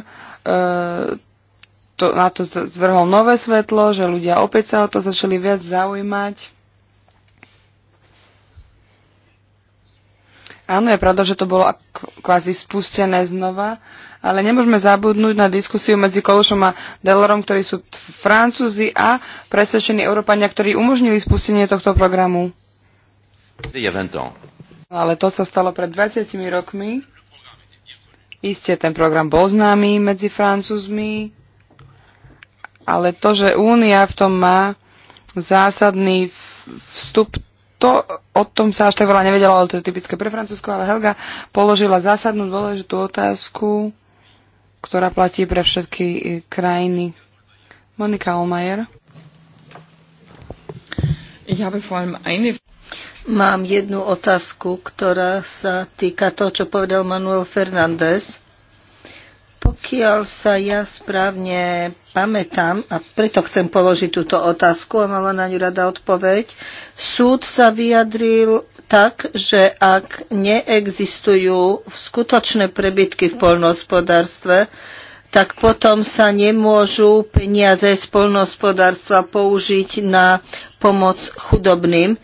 to, na to zvrhol nové svetlo, že ľudia opäť sa o to začali viac zaujímať. Áno, je pravda, že to bolo kvázi spustené znova, ale nemôžeme zabudnúť na diskusiu medzi Kološom a Delorom, ktorí sú Francúzi a presvedčení Európania, ktorí umožnili spustenie tohto programu. No, ale to sa stalo pred 20 rokmi. Isté, ten program bol známy medzi Francúzmi, ale to, že Únia v tom má zásadný vstup, to o tom sa až tak veľa nevedela, ale to je typické pre Francúzsko, ale Helga položila zásadnú dôležitú otázku ktorá platí pre všetky e, krajiny. Monika Olmajer. Mám jednu otázku, ktorá sa týka toho, čo povedal Manuel Fernández pokiaľ sa ja správne pamätám, a preto chcem položiť túto otázku a mala na ňu rada odpoveď, súd sa vyjadril tak, že ak neexistujú skutočné prebytky v poľnohospodárstve, tak potom sa nemôžu peniaze z poľnohospodárstva použiť na pomoc chudobným.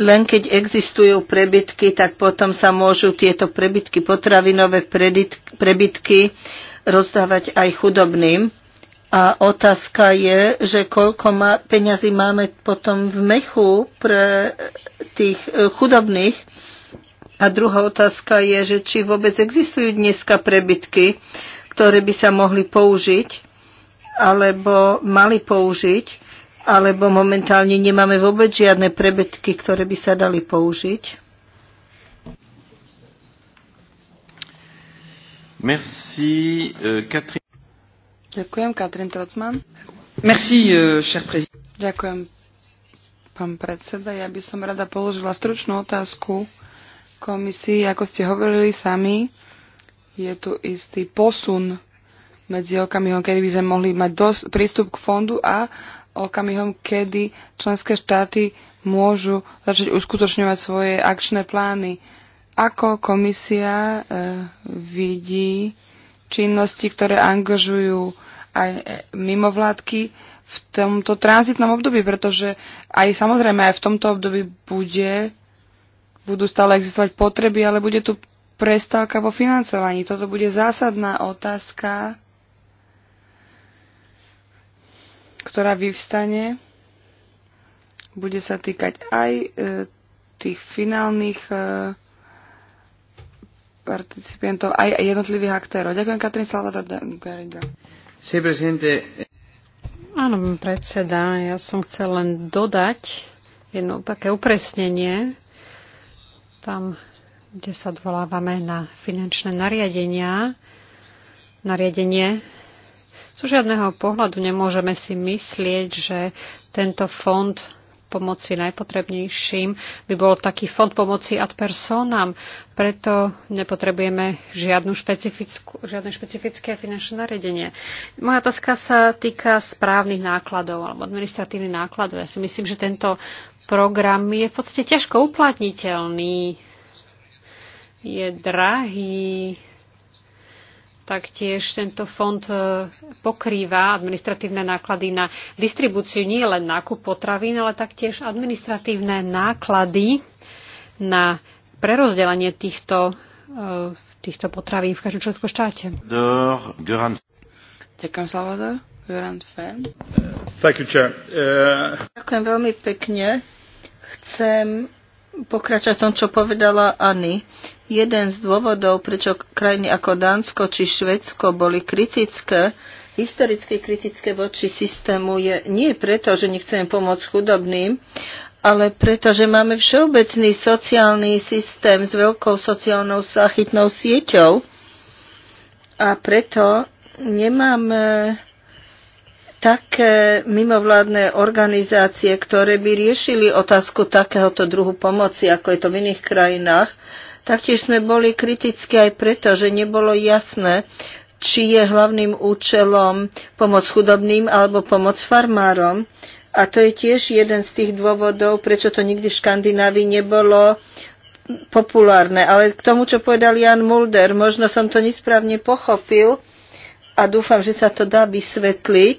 Len keď existujú prebytky, tak potom sa môžu tieto prebytky, potravinové prebytky rozdávať aj chudobným. A otázka je, že koľko má, peňazí máme potom v mechu pre tých e, chudobných. A druhá otázka je, že či vôbec existujú dneska prebytky, ktoré by sa mohli použiť alebo mali použiť, alebo momentálne nemáme vôbec žiadne prebytky, ktoré by sa dali použiť. Merci, euh, Ďakujem, Katrin Trotman. Merci, euh, cher Ďakujem, pán predseda. Ja by som rada položila stručnú otázku komisii. Ako ste hovorili sami, je tu istý posun medzi okamihom, kedy by sme mohli mať prístup k fondu a okamihom, kedy členské štáty môžu začať uskutočňovať svoje akčné plány ako komisia e, vidí činnosti, ktoré angažujú aj e, mimovládky v tomto tranzitnom období, pretože aj samozrejme aj v tomto období bude, budú stále existovať potreby, ale bude tu prestávka vo financovaní. Toto bude zásadná otázka, ktorá vyvstane. Bude sa týkať aj e, tých finálnych e, participantov aj jednotlivých aktérov. Ďakujem, Katrin Salvador Garriga. Sí, Áno, predseda, ja som chcel len dodať jedno také upresnenie. Tam, kde sa odvolávame na finančné nariadenia, nariadenie z žiadneho pohľadu nemôžeme si myslieť, že tento fond pomoci najpotrebnejším by bol taký fond pomoci ad personam. Preto nepotrebujeme žiadnu žiadne špecifické finančné nariadenie. Moja otázka sa týka správnych nákladov alebo administratívnych nákladov. Ja si myslím, že tento program je v podstate ťažko uplatniteľný. Je drahý, taktiež tento fond e, pokrýva administratívne náklady na distribúciu nie len nákup potravín, ale taktiež administratívne náklady na prerozdelenie týchto, e, týchto potravín v každom členskom štáte. Ďakujem, Salvador. Ďakujem veľmi pekne. Chcem pokračovať v tom, čo povedala Ani. Jeden z dôvodov, prečo krajiny ako Dánsko či Švedsko boli kritické, historicky kritické voči systému, je nie preto, že nechceme pomôcť chudobným, ale preto, že máme všeobecný sociálny systém s veľkou sociálnou záchytnou sieťou a preto nemáme také mimovládne organizácie, ktoré by riešili otázku takéhoto druhu pomoci, ako je to v iných krajinách. Taktiež sme boli kritickí aj preto, že nebolo jasné, či je hlavným účelom pomoc chudobným alebo pomoc farmárom. A to je tiež jeden z tých dôvodov, prečo to nikdy v Škandinávii nebolo populárne. Ale k tomu, čo povedal Jan Mulder, možno som to nesprávne pochopil, a dúfam, že sa to dá vysvetliť,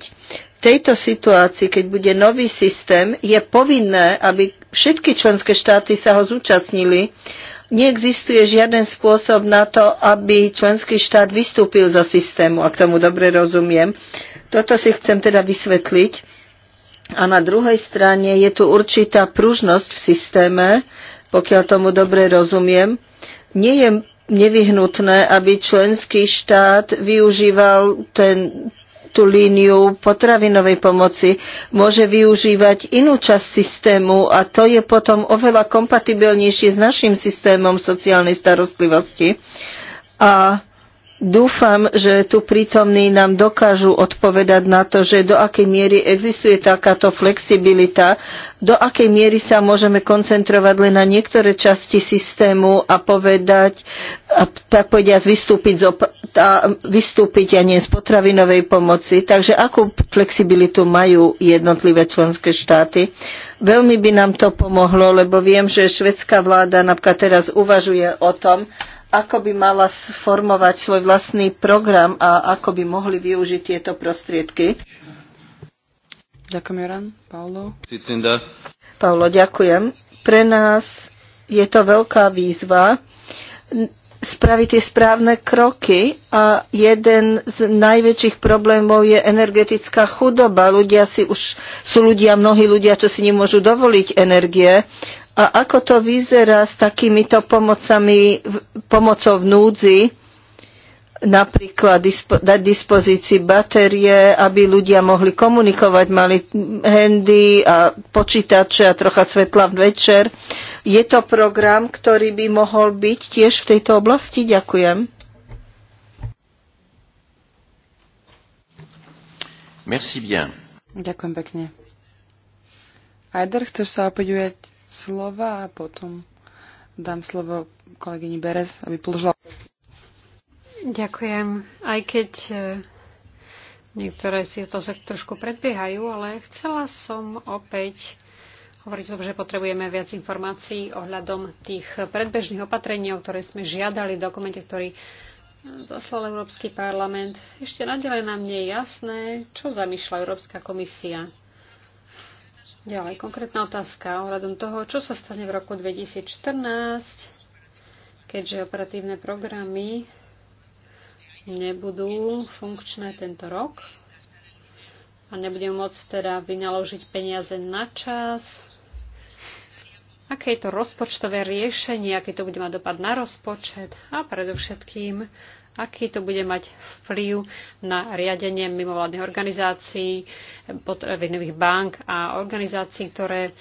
v tejto situácii, keď bude nový systém, je povinné, aby všetky členské štáty sa ho zúčastnili. Neexistuje žiaden spôsob na to, aby členský štát vystúpil zo systému, ak tomu dobre rozumiem. Toto si chcem teda vysvetliť. A na druhej strane je tu určitá pružnosť v systéme, pokiaľ tomu dobre rozumiem. Nie je nevyhnutné, aby členský štát využíval ten, tú líniu potravinovej pomoci, môže využívať inú časť systému a to je potom oveľa kompatibilnejšie s našim systémom sociálnej starostlivosti. A Dúfam, že tu prítomní nám dokážu odpovedať na to, že do akej miery existuje takáto flexibilita, do akej miery sa môžeme koncentrovať len na niektoré časti systému a povedať, a tak povediať, vystúpiť, z op- a vystúpiť ja nie, z potravinovej pomoci. Takže akú flexibilitu majú jednotlivé členské štáty? Veľmi by nám to pomohlo, lebo viem, že švedská vláda napríklad teraz uvažuje o tom, ako by mala sformovať svoj vlastný program a ako by mohli využiť tieto prostriedky. Ďakujem, Joran. Paolo. Cicinda. ďakujem. Pre nás je to veľká výzva spraviť tie správne kroky a jeden z najväčších problémov je energetická chudoba. Ľudia si už, sú ľudia, mnohí ľudia, čo si nemôžu dovoliť energie a ako to vyzerá s takýmito pomocami, pomocou v núdzi, napríklad dispo, dať dispozícii batérie, aby ľudia mohli komunikovať, mali handy a počítače a trocha svetla v večer. Je to program, ktorý by mohol byť tiež v tejto oblasti? Ďakujem. Merci bien. Ďakujem pekne. Ajder, chceš sa opäť ujať slova a potom dám slovo kolegyni Berez, aby položila. Ďakujem. Aj keď e, niektoré si to trošku predbiehajú, ale chcela som opäť hovoriť o tom, že potrebujeme viac informácií ohľadom tých predbežných opatrení, o ktoré sme žiadali v dokumente, ktorý e, zaslal Európsky parlament. Ešte nadalej nám nie je jasné, čo zamýšľa Európska komisia. Ďalej, konkrétna otázka ohľadom toho, čo sa stane v roku 2014, keďže operatívne programy nebudú funkčné tento rok a nebudem môcť teda vynaložiť peniaze na čas. Aké je to rozpočtové riešenie, aký to bude mať dopad na rozpočet a predovšetkým, aký to bude mať vplyv na riadenie mimovládnych organizácií, potravinových bank a organizácií, ktoré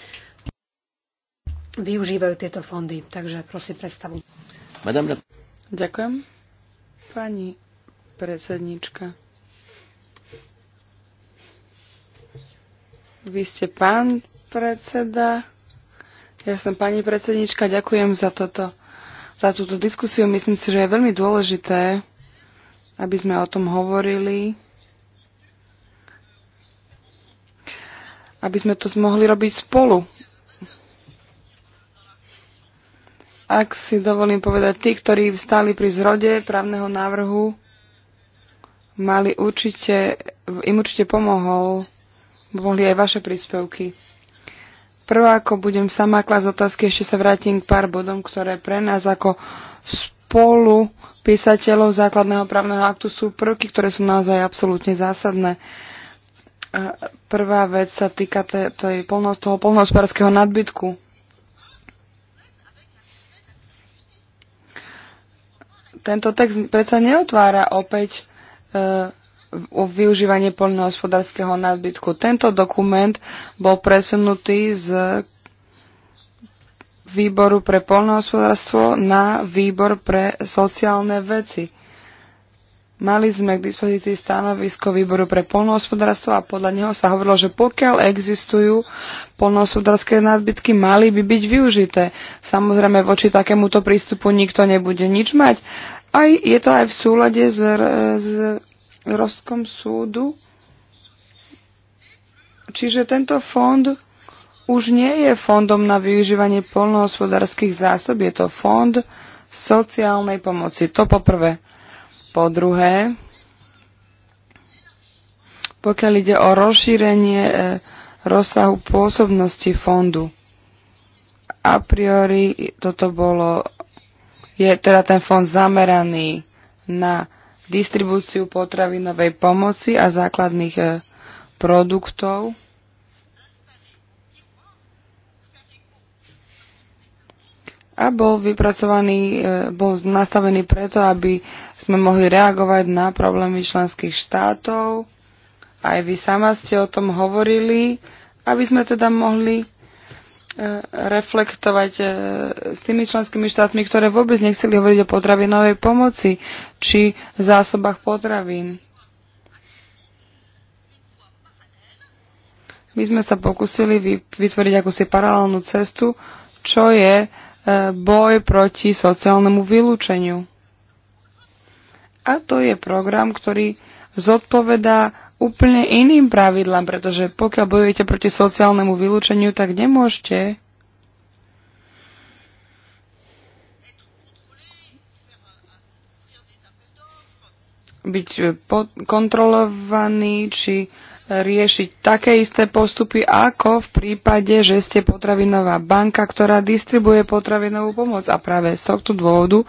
využívajú tieto fondy. Takže prosím predstavu. Madame... Ďakujem. Pani predsednička. Vy ste pán predseda. Ja som pani predsednička. Ďakujem za toto za túto diskusiu. Myslím si, že je veľmi dôležité aby sme o tom hovorili, aby sme to mohli robiť spolu. Ak si dovolím povedať, tí, ktorí stáli pri zrode právneho návrhu, mali určite, im určite pomohol, mohli aj vaše príspevky. Prvá, ako budem sama klásť otázky, ešte sa vrátim k pár bodom, ktoré pre nás ako spolu spolu písateľov základného právneho aktu sú prvky, ktoré sú naozaj absolútne zásadné. Prvá vec sa týka tej, toho polnohospodárskeho nadbytku. Tento text predsa neotvára opäť e, o využívanie poľnohospodárskeho nadbytku. Tento dokument bol presunutý z výboru pre polnohospodárstvo na výbor pre sociálne veci. Mali sme k dispozícii stanovisko výboru pre polnohospodárstvo a podľa neho sa hovorilo, že pokiaľ existujú polnohospodárske nadbytky, mali by byť využité. Samozrejme, voči takémuto prístupu nikto nebude nič mať. Aj, je to aj v súlade s, s Rostkom súdu. Čiže tento fond už nie je fondom na využívanie poľnohospodárskych zásob, je to fond sociálnej pomoci. To poprvé. Po druhé, pokiaľ ide o rozšírenie e, rozsahu pôsobnosti fondu. A priori toto bolo, je teda ten fond zameraný na distribúciu potravinovej pomoci a základných e, produktov a bol vypracovaný, e, bol nastavený preto, aby sme mohli reagovať na problémy členských štátov. Aj vy sama ste o tom hovorili, aby sme teda mohli e, reflektovať e, s tými členskými štátmi, ktoré vôbec nechceli hovoriť o potravinovej pomoci či zásobách potravín. My sme sa pokúsili vytvoriť akúsi paralelnú cestu, čo je boj proti sociálnemu vylúčeniu. A to je program, ktorý zodpovedá úplne iným pravidlám, pretože pokiaľ bojujete proti sociálnemu vylúčeniu, tak nemôžete byť kontrolovaný či riešiť také isté postupy, ako v prípade, že ste potravinová banka, ktorá distribuje potravinovú pomoc. A práve z tohto dôvodu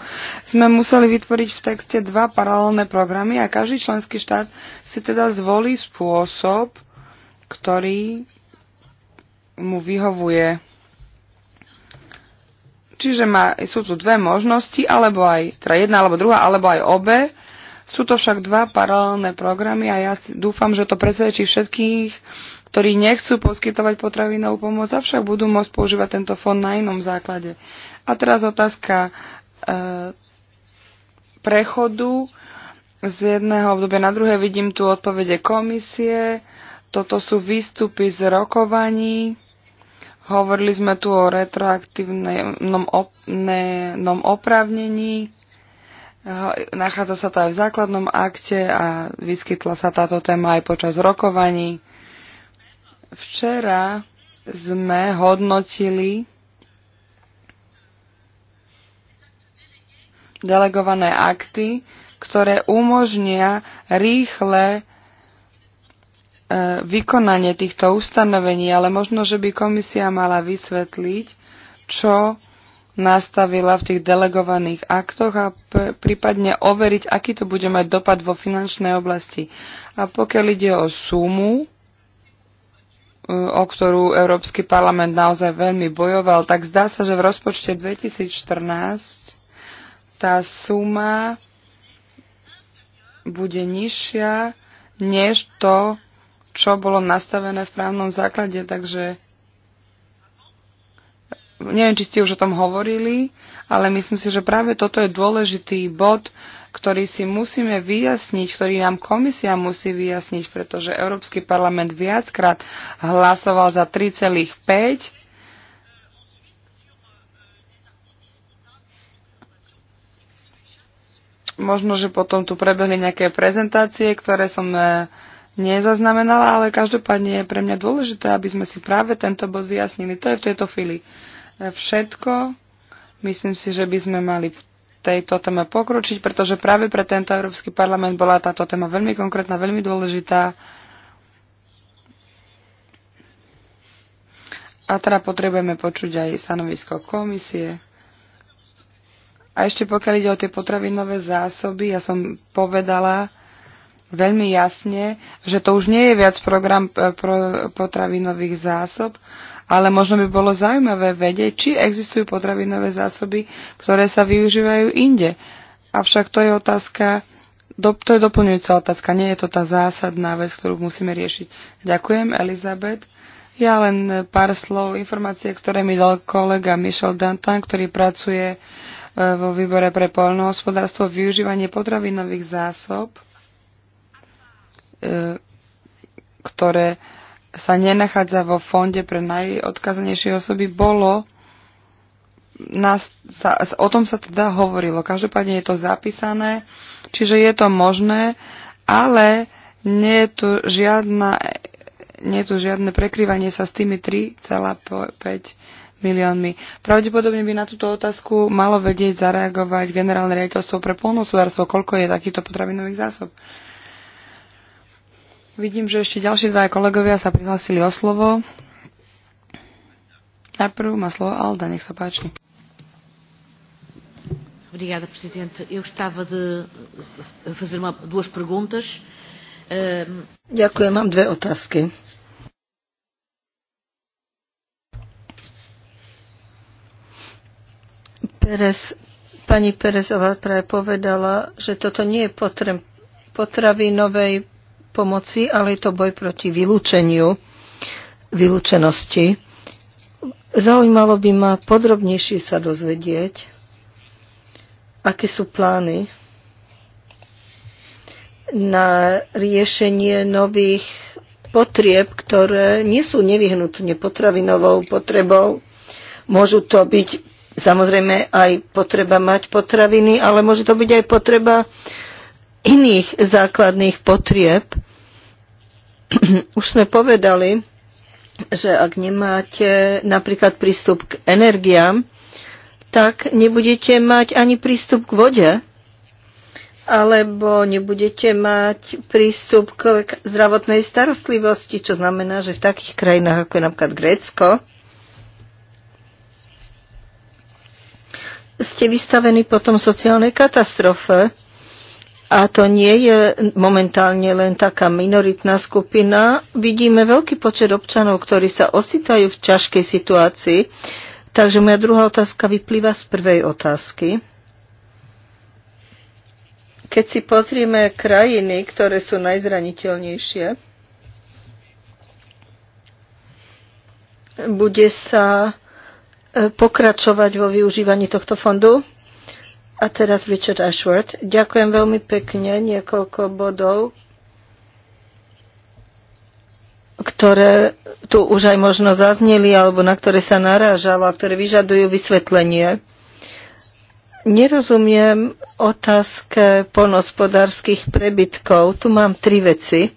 sme museli vytvoriť v texte dva paralelné programy a každý členský štát si teda zvolí spôsob, ktorý mu vyhovuje. Čiže má, sú tu dve možnosti, alebo aj, teda jedna alebo druhá, alebo aj obe sú to však dva paralelné programy a ja dúfam, že to presvedčí všetkých, ktorí nechcú poskytovať potravinovú pomoc, avšak budú môcť používať tento fond na inom základe. A teraz otázka e, prechodu z jedného obdobia na druhé. Vidím tu odpovede komisie. Toto sú výstupy z rokovaní. Hovorili sme tu o retroaktívnom op- opravnení. Nachádza sa to aj v základnom akte a vyskytla sa táto téma aj počas rokovaní. Včera sme hodnotili delegované akty, ktoré umožnia rýchle e, vykonanie týchto ustanovení, ale možno, že by komisia mala vysvetliť, čo nastavila v tých delegovaných aktoch a prípadne overiť, aký to bude mať dopad vo finančnej oblasti. A pokiaľ ide o sumu, e, o ktorú Európsky parlament naozaj veľmi bojoval, tak zdá sa, že v rozpočte 2014 tá suma bude nižšia než to, čo bolo nastavené v právnom základe, takže neviem, či ste už o tom hovorili, ale myslím si, že práve toto je dôležitý bod, ktorý si musíme vyjasniť, ktorý nám komisia musí vyjasniť, pretože Európsky parlament viackrát hlasoval za 3,5 možno, že potom tu prebehli nejaké prezentácie, ktoré som e, nezaznamenala, ale každopádne je pre mňa dôležité, aby sme si práve tento bod vyjasnili. To je v tejto chvíli všetko. Myslím si, že by sme mali tejto téme pokročiť, pretože práve pre tento Európsky parlament bola táto téma veľmi konkrétna, veľmi dôležitá. A teda potrebujeme počuť aj stanovisko komisie. A ešte pokiaľ ide o tie potravinové zásoby, ja som povedala, veľmi jasne, že to už nie je viac program e, potravinových zásob, ale možno by bolo zaujímavé vedieť, či existujú potravinové zásoby, ktoré sa využívajú inde. Avšak to je otázka, to je doplňujúca otázka, nie je to tá zásadná vec, ktorú musíme riešiť. Ďakujem, Elizabet. Ja len pár slov, informácie, ktoré mi dal kolega Michel Dantan, ktorý pracuje e, vo výbore pre poľnohospodárstvo, využívanie potravinových zásob E, ktoré sa nenachádza vo fonde pre najodkazanejšie osoby, bolo nás, sa, o tom sa teda hovorilo. Každopádne je to zapísané, čiže je to možné, ale nie je tu, žiadna, nie je tu žiadne prekryvanie sa s tými 3,5 miliónmi. Pravdepodobne by na túto otázku malo vedieť zareagovať generálne riaditeľstvo pre polnosudárstvo, koľko je takýchto potravinových zásob. Uh, Vidím, že ešte ďalší dva kolegovia sa prihlásili o slovo. Najprv má slovo Alda, nech sa páči. Obrigada, Presidente. Eu gostava de fazer uma, duas perguntas. Ehm, Ďakujem, mám dve otázky. Pérez, pani Perezová práve povedala, že toto nie je potrem potravinovej pomoci, ale je to boj proti vylúčeniu, vylúčenosti. Zaujímalo by ma podrobnejšie sa dozvedieť, aké sú plány na riešenie nových potrieb, ktoré nie sú nevyhnutne potravinovou potrebou. Môžu to byť samozrejme aj potreba mať potraviny, ale môže to byť aj potreba iných základných potrieb. Už sme povedali, že ak nemáte napríklad prístup k energiám, tak nebudete mať ani prístup k vode, alebo nebudete mať prístup k zdravotnej starostlivosti, čo znamená, že v takých krajinách ako je napríklad Grécko, ste vystavení potom sociálnej katastrofe, a to nie je momentálne len taká minoritná skupina. Vidíme veľký počet občanov, ktorí sa ositajú v ťažkej situácii. Takže moja druhá otázka vyplýva z prvej otázky. Keď si pozrieme krajiny, ktoré sú najzraniteľnejšie, bude sa e, pokračovať vo využívaní tohto fondu? A teraz Richard Ashworth. Ďakujem veľmi pekne. Niekoľko bodov, ktoré tu už aj možno zazneli, alebo na ktoré sa narážalo a ktoré vyžadujú vysvetlenie. Nerozumiem otázke ponospodárských prebytkov. Tu mám tri veci.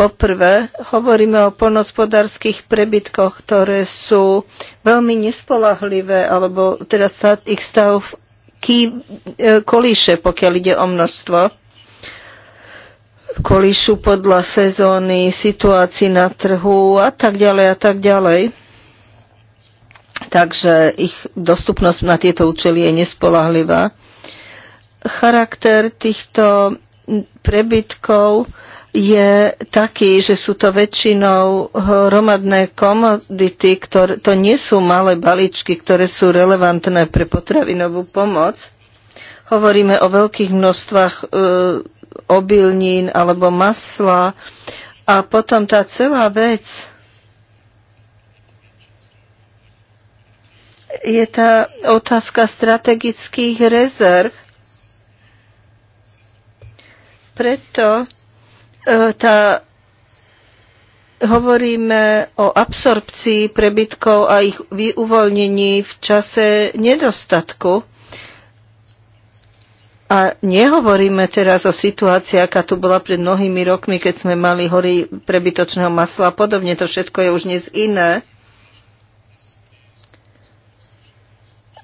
Poprvé, hovoríme o ponospodárských prebytkoch, ktoré sú veľmi nespolahlivé, alebo teda ich stav e, kolíše, pokiaľ ide o množstvo. Kolíšu podľa sezóny, situácii na trhu a tak ďalej a tak ďalej. Takže ich dostupnosť na tieto účely je nespolahlivá. Charakter týchto prebytkov je taký, že sú to väčšinou hromadné komodity, ktoré, to nie sú malé balíčky, ktoré sú relevantné pre potravinovú pomoc. Hovoríme o veľkých množstvách e, obilnín alebo masla a potom tá celá vec je tá otázka strategických rezerv. Preto E, tá, hovoríme o absorpcii prebytkov a ich uvoľnení v čase nedostatku. A nehovoríme teraz o situácii, aká tu bola pred mnohými rokmi, keď sme mali hory prebytočného masla a podobne. To všetko je už dnes iné.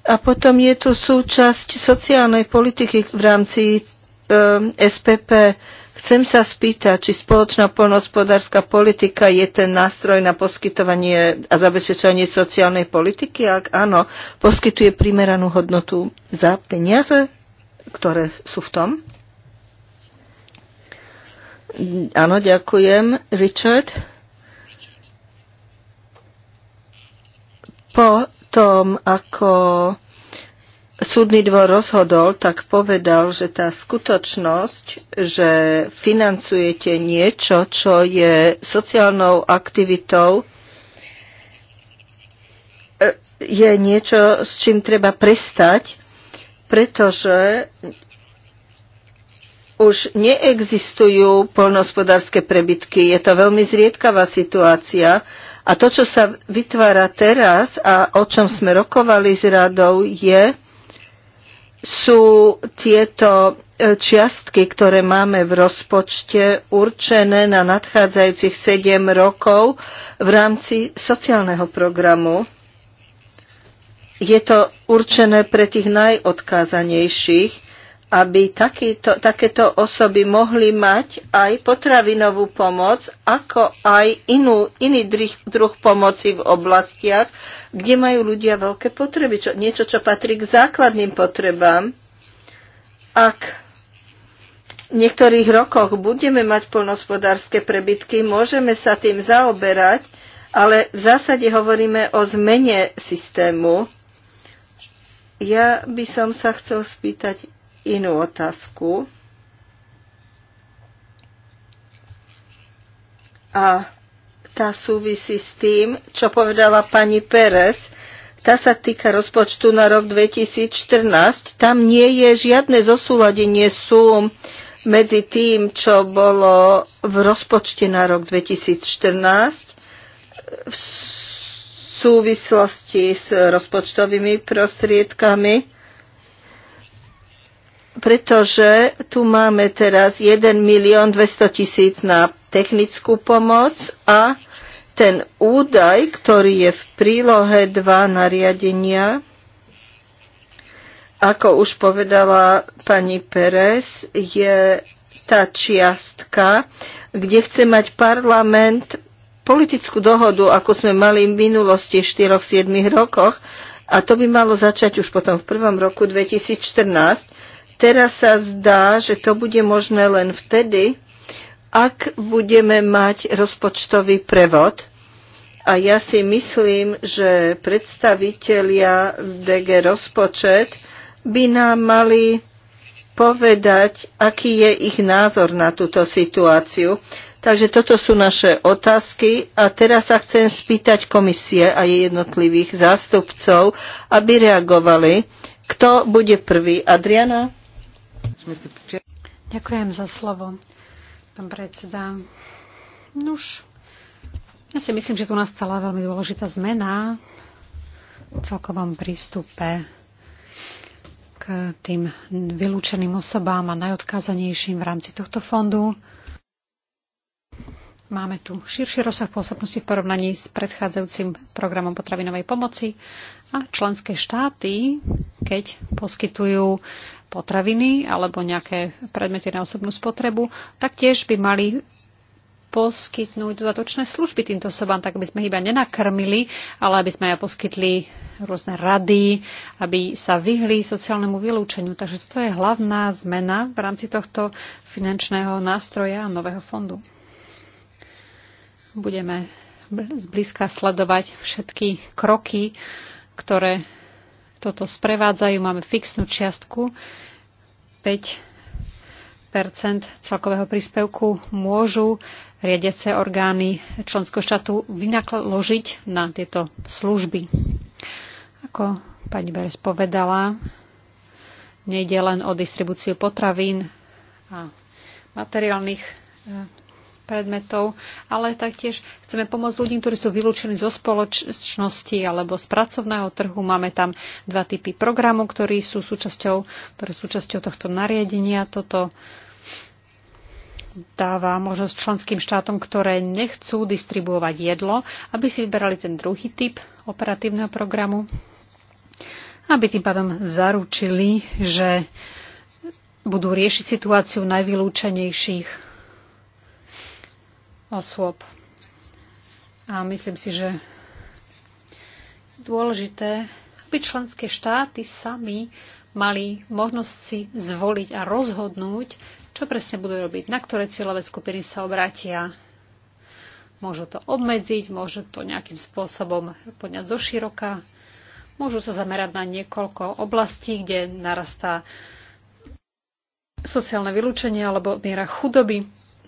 A potom je tu súčasť sociálnej politiky v rámci um, e, SPP Chcem sa spýtať, či spoločná poľnohospodárska politika je ten nástroj na poskytovanie a zabezpečovanie sociálnej politiky? Ak áno, poskytuje primeranú hodnotu za peniaze, ktoré sú v tom? Áno, ďakujem. Richard? Po tom, ako súdny dvor rozhodol, tak povedal, že tá skutočnosť, že financujete niečo, čo je sociálnou aktivitou, e, je niečo, s čím treba prestať, pretože už neexistujú poľnohospodárske prebytky. Je to veľmi zriedkavá situácia. A to, čo sa vytvára teraz a o čom sme rokovali s radou, je, sú tieto e, čiastky, ktoré máme v rozpočte, určené na nadchádzajúcich 7 rokov v rámci sociálneho programu. Je to určené pre tých najodkázanejších aby takýto, takéto osoby mohli mať aj potravinovú pomoc, ako aj inú, iný druh, pomoci v oblastiach, kde majú ľudia veľké potreby, čo, niečo, čo patrí k základným potrebám. Ak v niektorých rokoch budeme mať polnospodárske prebytky, môžeme sa tým zaoberať, ale v zásade hovoríme o zmene systému. Ja by som sa chcel spýtať inú otázku. A tá súvisí s tým, čo povedala pani Pérez. Tá sa týka rozpočtu na rok 2014. Tam nie je žiadne zosúladenie súm medzi tým, čo bolo v rozpočte na rok 2014 v súvislosti s rozpočtovými prostriedkami pretože tu máme teraz 1 milión 200 tisíc na technickú pomoc a ten údaj, ktorý je v prílohe 2 nariadenia, ako už povedala pani Pérez, je tá čiastka, kde chce mať parlament politickú dohodu, ako sme mali v minulosti 4-7 rokoch, a to by malo začať už potom v prvom roku 2014 Teraz sa zdá, že to bude možné len vtedy, ak budeme mať rozpočtový prevod. A ja si myslím, že predstavitelia DG rozpočet by nám mali povedať, aký je ich názor na túto situáciu. Takže toto sú naše otázky a teraz sa chcem spýtať komisie a jej jednotlivých zástupcov, aby reagovali. Kto bude prvý? Adriana? Ďakujem za slovo, pán predseda. Nuž, ja si myslím, že tu nastala veľmi dôležitá zmena v celkovom prístupe k tým vylúčeným osobám a najodkázanejším v rámci tohto fondu. Máme tu širší rozsah pôsobnosti v porovnaní s predchádzajúcim programom potravinovej pomoci a členské štáty, keď poskytujú potraviny alebo nejaké predmety na osobnú spotrebu, tak tiež by mali poskytnúť dodatočné služby týmto osobám, tak aby sme iba nenakrmili, ale aby sme aj poskytli rôzne rady, aby sa vyhli sociálnemu vylúčeniu. Takže toto je hlavná zmena v rámci tohto finančného nástroja a nového fondu. Budeme zblízka sledovať všetky kroky, ktoré toto sprevádzajú. Máme fixnú čiastku 5 celkového príspevku môžu riadiace orgány členského štátu vynakložiť na tieto služby. Ako pani Beres povedala, nejde len o distribúciu potravín a materiálnych predmetov, ale taktiež chceme pomôcť ľuďom, ktorí sú vylúčení zo spoločnosti alebo z pracovného trhu. Máme tam dva typy programov, ktorí sú súčasťou, ktoré sú súčasťou tohto nariadenia. Toto dáva možnosť členským štátom, ktoré nechcú distribuovať jedlo, aby si vyberali ten druhý typ operatívneho programu, aby tým pádom zaručili, že budú riešiť situáciu najvylúčenejších osôb. A myslím si, že dôležité, aby členské štáty sami mali možnosť si zvoliť a rozhodnúť, čo presne budú robiť, na ktoré cieľové skupiny sa obrátia. Môžu to obmedziť, môžu to nejakým spôsobom poňať zo široka, môžu sa zamerať na niekoľko oblastí, kde narastá sociálne vylúčenie alebo miera chudoby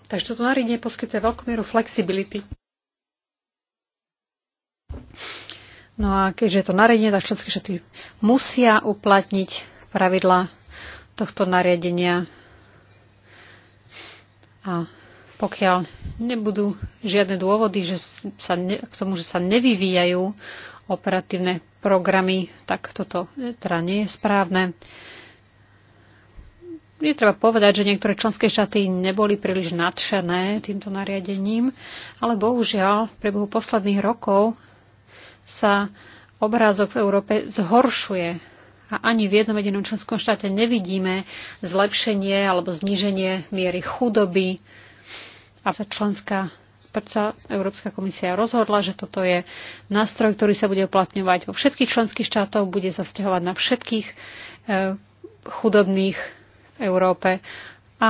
Takže toto nariadenie poskytuje veľkú mieru flexibility. No a keďže je to nariadenie, tak členské štáty musia uplatniť pravidla tohto nariadenia. A pokiaľ nebudú žiadne dôvody že sa ne, k tomu, že sa nevyvíjajú operatívne programy, tak toto teda nie je správne je treba povedať, že niektoré členské štáty neboli príliš nadšené týmto nariadením, ale bohužiaľ v priebehu posledných rokov sa obrázok v Európe zhoršuje a ani v jednom jedinom členskom štáte nevidíme zlepšenie alebo zníženie miery chudoby. A sa členská preto Európska komisia rozhodla, že toto je nástroj, ktorý sa bude uplatňovať vo všetkých členských štátoch, bude sa stiahovať na všetkých eh, chudobných Európe a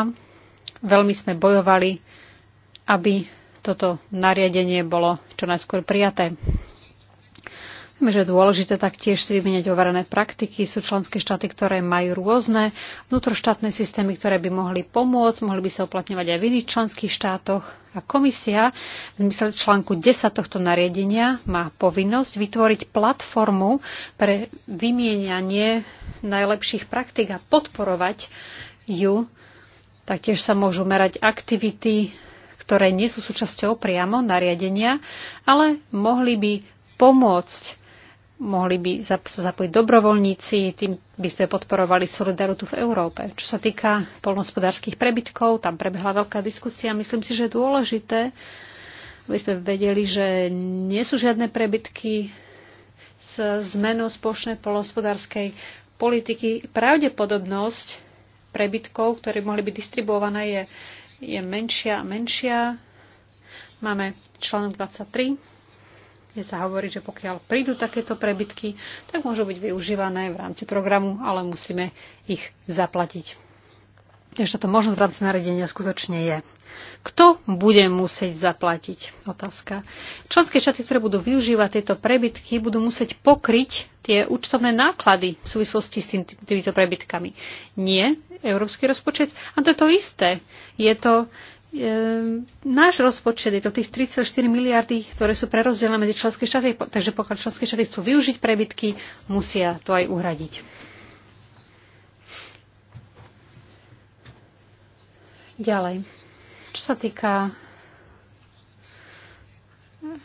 veľmi sme bojovali, aby toto nariadenie bolo čo najskôr prijaté. Vieme, že je dôležité taktiež si vymeniať overené praktiky. Sú členské štáty, ktoré majú rôzne vnútroštátne systémy, ktoré by mohli pomôcť, mohli by sa uplatňovať aj v iných členských štátoch. A komisia v zmysle článku 10 tohto nariadenia má povinnosť vytvoriť platformu pre vymienianie najlepších praktik a podporovať ju. Taktiež sa môžu merať aktivity, ktoré nie sú súčasťou priamo nariadenia, ale mohli by pomôcť mohli by sa zapojiť dobrovoľníci, tým by sme podporovali solidaritu v Európe. Čo sa týka polnospodárských prebytkov, tam prebehla veľká diskusia. Myslím si, že je dôležité, aby sme vedeli, že nie sú žiadne prebytky s zmenou spoločnej polnospodárskej politiky. Pravdepodobnosť prebytkov, ktoré mohli byť distribuované, je, je menšia a menšia. Máme článok 23 kde sa hovorí, že pokiaľ prídu takéto prebytky, tak môžu byť využívané v rámci programu, ale musíme ich zaplatiť. Takže to možnosť v rámci naredenia skutočne je. Kto bude musieť zaplatiť? Otázka. Členské štáty, ktoré budú využívať tieto prebytky, budú musieť pokryť tie účtovné náklady v súvislosti s tým, týmito prebytkami. Nie európsky rozpočet. A to je to isté. Je to Ehm, náš rozpočet je to tých 34 miliardy, ktoré sú prerozdelené medzi členské štáty, takže pokiaľ členské štáty chcú využiť prebytky, musia to aj uhradiť. Ďalej. Čo sa týka hm,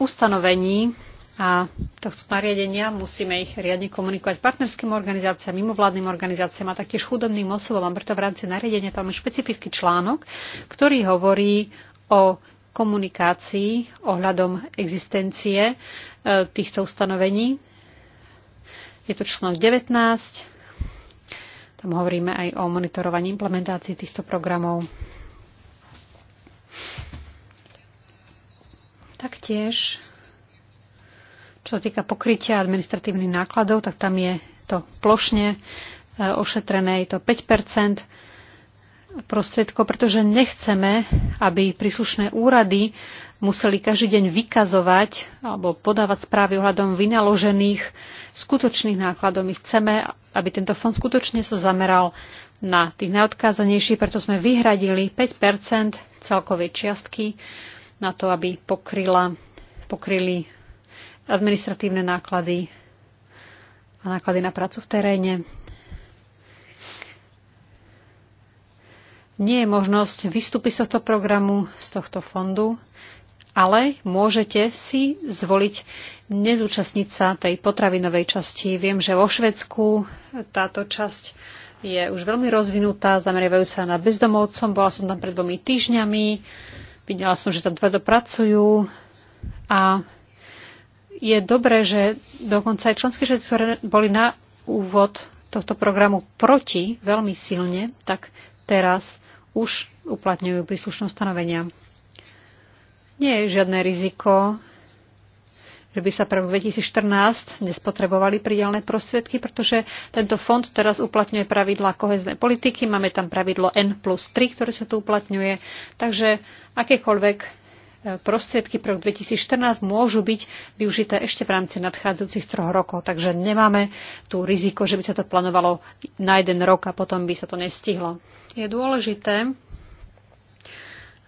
ustanovení a tohto nariadenia musíme ich riadne komunikovať partnerským organizáciám, mimovládnym organizáciám a taktiež chudobným osobom. A preto v rámci nariadenia tam je špecifický článok, ktorý hovorí o komunikácii ohľadom existencie e, týchto ustanovení. Je to článok 19. Tam hovoríme aj o monitorovaní implementácií týchto programov. Taktiež čo sa týka pokrytia administratívnych nákladov, tak tam je to plošne e, ošetrené, je to 5 prostriedko, pretože nechceme, aby príslušné úrady museli každý deň vykazovať alebo podávať správy ohľadom vynaložených skutočných nákladov. My chceme, aby tento fond skutočne sa zameral na tých najodkázanejších, preto sme vyhradili 5 celkovej čiastky na to, aby pokryla, pokryli administratívne náklady a náklady na prácu v teréne. Nie je možnosť vystúpiť z tohto programu, z tohto fondu, ale môžete si zvoliť nezúčastniť sa tej potravinovej časti. Viem, že vo Švedsku táto časť je už veľmi rozvinutá, zameriavajú sa na bezdomovcom. Bola som tam pred dvomi týždňami, videla som, že tam tvrdo dopracujú a je dobré, že dokonca aj členské štáty, ktoré boli na úvod tohto programu proti veľmi silne, tak teraz už uplatňujú príslušné stanovenia. Nie je žiadne riziko, že by sa pre 2014 nespotrebovali pridelné prostriedky, pretože tento fond teraz uplatňuje pravidla koheznej politiky, máme tam pravidlo N plus 3, ktoré sa tu uplatňuje, takže akékoľvek prostriedky pre rok 2014 môžu byť využité ešte v rámci nadchádzajúcich troch rokov. Takže nemáme tu riziko, že by sa to plánovalo na jeden rok a potom by sa to nestihlo. Je dôležité,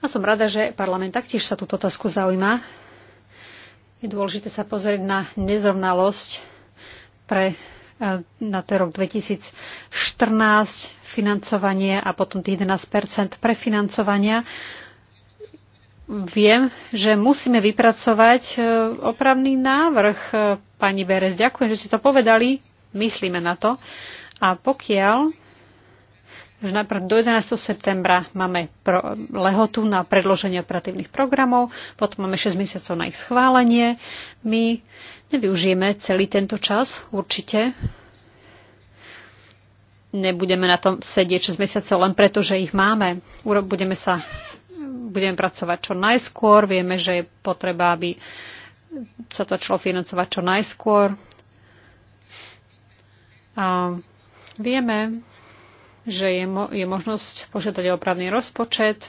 a som rada, že parlament taktiež sa túto otázku zaujíma, je dôležité sa pozrieť na nezrovnalosť pre e, na ten rok 2014 financovanie a potom tých 11 prefinancovania viem, že musíme vypracovať e, opravný návrh. E, pani Berez, ďakujem, že ste to povedali. Myslíme na to. A pokiaľ že najprv do 11. septembra máme pro, lehotu na predloženie operatívnych programov, potom máme 6 mesiacov na ich schválenie. My nevyužijeme celý tento čas, určite. Nebudeme na tom sedieť 6 mesiacov len preto, že ich máme. Budeme sa budeme pracovať čo najskôr. Vieme, že je potreba, aby sa to začalo financovať čo najskôr. A vieme, že je, mo- je možnosť požiadať o opravný rozpočet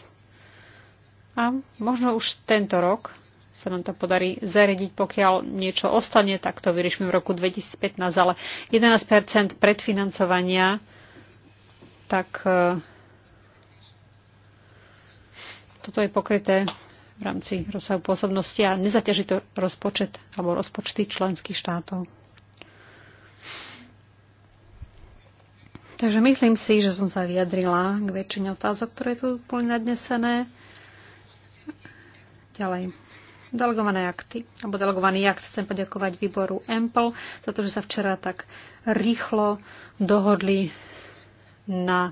a možno už tento rok sa nám to podarí zariadiť, pokiaľ niečo ostane, tak to vyriešime v roku 2015, ale 11% predfinancovania, tak eh, toto je pokryté v rámci rozsahu pôsobnosti a nezaťaží to rozpočet alebo rozpočty členských štátov. Takže myslím si, že som sa vyjadrila k väčšine otázok, ktoré tu boli nadnesené. Ďalej. Delegované akty, alebo delegovaný akt. Chcem poďakovať výboru EMPL za to, že sa včera tak rýchlo dohodli na uh,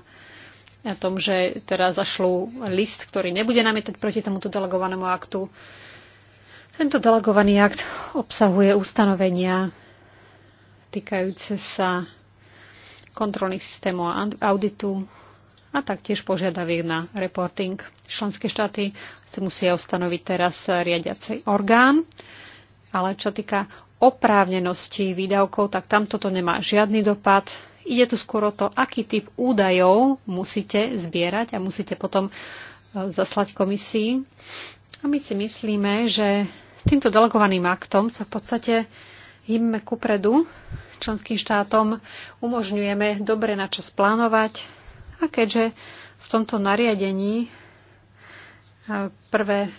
o tom, že teraz zašlú list, ktorý nebude namietať proti tomuto delegovanému aktu. Tento delegovaný akt obsahuje ustanovenia týkajúce sa kontrolných systémov a auditu a taktiež požiadaviek na reporting. Členské štáty si musia ustanoviť teraz riadiacej orgán, ale čo týka oprávnenosti výdavkov, tak tam toto nemá žiadny dopad. Ide tu skôr o to, aký typ údajov musíte zbierať a musíte potom e, zaslať komisii. A my si myslíme, že týmto delegovaným aktom sa v podstate hýbeme kupredu členským štátom, umožňujeme dobre na čas plánovať a keďže v tomto nariadení e, prvé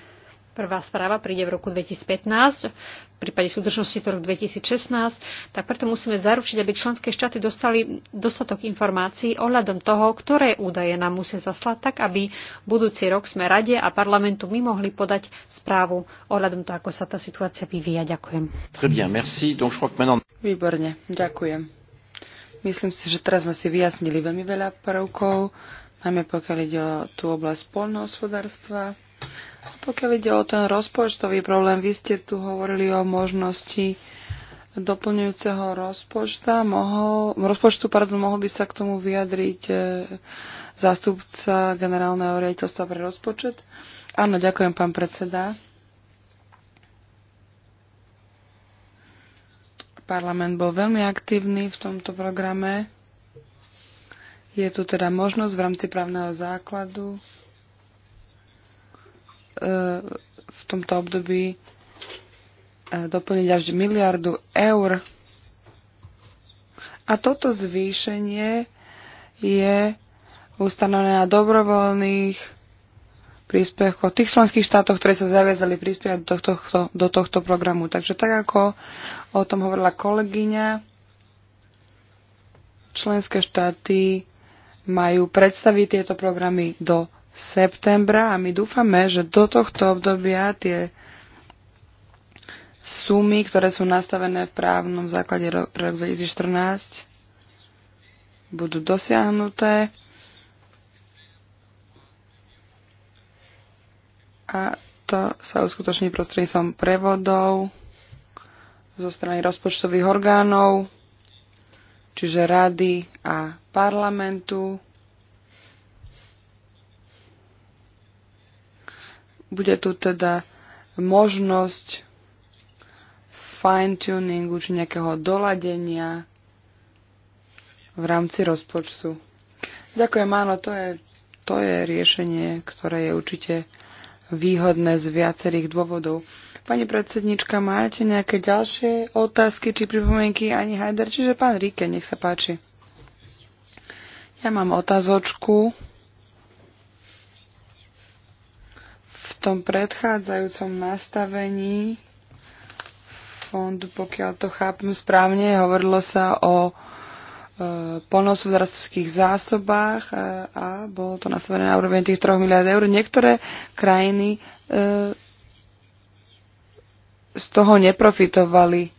prvá správa príde v roku 2015, v prípade súdržnosti to rok 2016, tak preto musíme zaručiť, aby členské štáty dostali dostatok informácií ohľadom toho, ktoré údaje nám musia zaslať, tak aby budúci rok sme rade a parlamentu my mohli podať správu ohľadom toho, ako sa tá situácia vyvíja. Ďakujem. Výborne, ďakujem. Myslím si, že teraz sme si vyjasnili veľmi veľa prvkov, najmä pokiaľ ide o tú oblasť polnohospodárstva pokiaľ ide o ten rozpočtový problém, vy ste tu hovorili o možnosti doplňujúceho rozpočta. Mohol, rozpočtu pardon, mohol by sa k tomu vyjadriť e, zástupca generálneho riaditeľstva pre rozpočet? Áno, ďakujem, pán predseda. Parlament bol veľmi aktívny v tomto programe. Je tu teda možnosť v rámci právneho základu v tomto období e, doplniť až miliardu eur. A toto zvýšenie je ustanovené na dobrovoľných príspechov, tých členských štátov, ktoré sa zaviazali prispievať do tohto, do tohto programu. Takže tak ako o tom hovorila kolegyňa, členské štáty majú predstaviť tieto programy do septembra a my dúfame, že do tohto obdobia tie sumy, ktoré sú nastavené v právnom základe rok, rok 2014, budú dosiahnuté. A to sa uskutoční prostredníctvom prevodov zo strany rozpočtových orgánov, čiže rady a parlamentu. Bude tu teda možnosť fine-tuningu či nejakého doladenia v rámci rozpočtu. Ďakujem, áno, to je, to je riešenie, ktoré je určite výhodné z viacerých dôvodov. Pani predsednička, máte nejaké ďalšie otázky či pripomienky ani Hajder? Čiže pán Ríke, nech sa páči. Ja mám otázočku. tom predchádzajúcom nastavení fondu, pokiaľ to chápem správne, hovorilo sa o e, polnohospodárských zásobách e, a bolo to nastavené na úroveň tých 3 miliard eur. Niektoré krajiny e, z toho neprofitovali.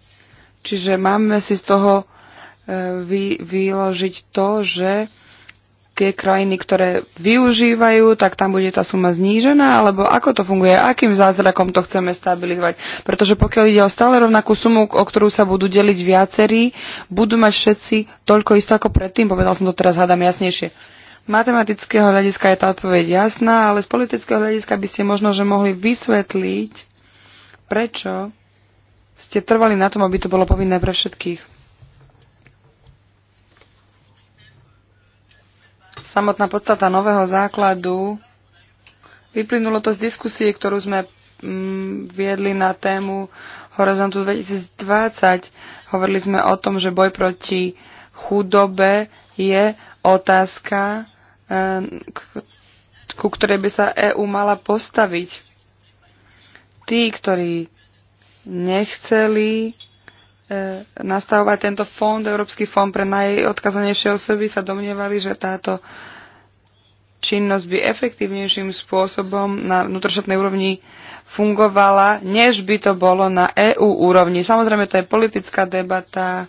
Čiže máme si z toho e, vy, vyložiť to, že e, tie krajiny, ktoré využívajú, tak tam bude tá suma znížená, alebo ako to funguje, akým zázrakom to chceme stabilizovať. Pretože pokiaľ ide o stále rovnakú sumu, o ktorú sa budú deliť viacerí, budú mať všetci toľko isto ako predtým, povedal som to teraz, hádam jasnejšie. Matematického hľadiska je tá odpoveď jasná, ale z politického hľadiska by ste možno, že mohli vysvetliť, prečo ste trvali na tom, aby to bolo povinné pre všetkých. samotná podstata nového základu. Vyplynulo to z diskusie, ktorú sme mm, viedli na tému Horizontu 2020. Hovorili sme o tom, že boj proti chudobe je otázka, e, ku ktorej by sa EÚ mala postaviť. Tí, ktorí nechceli E, nastavovať tento fond, Európsky fond pre najodkazanejšie osoby, sa domnievali, že táto činnosť by efektívnejším spôsobom na vnútrošetnej úrovni fungovala, než by to bolo na EU úrovni. Samozrejme, to je politická debata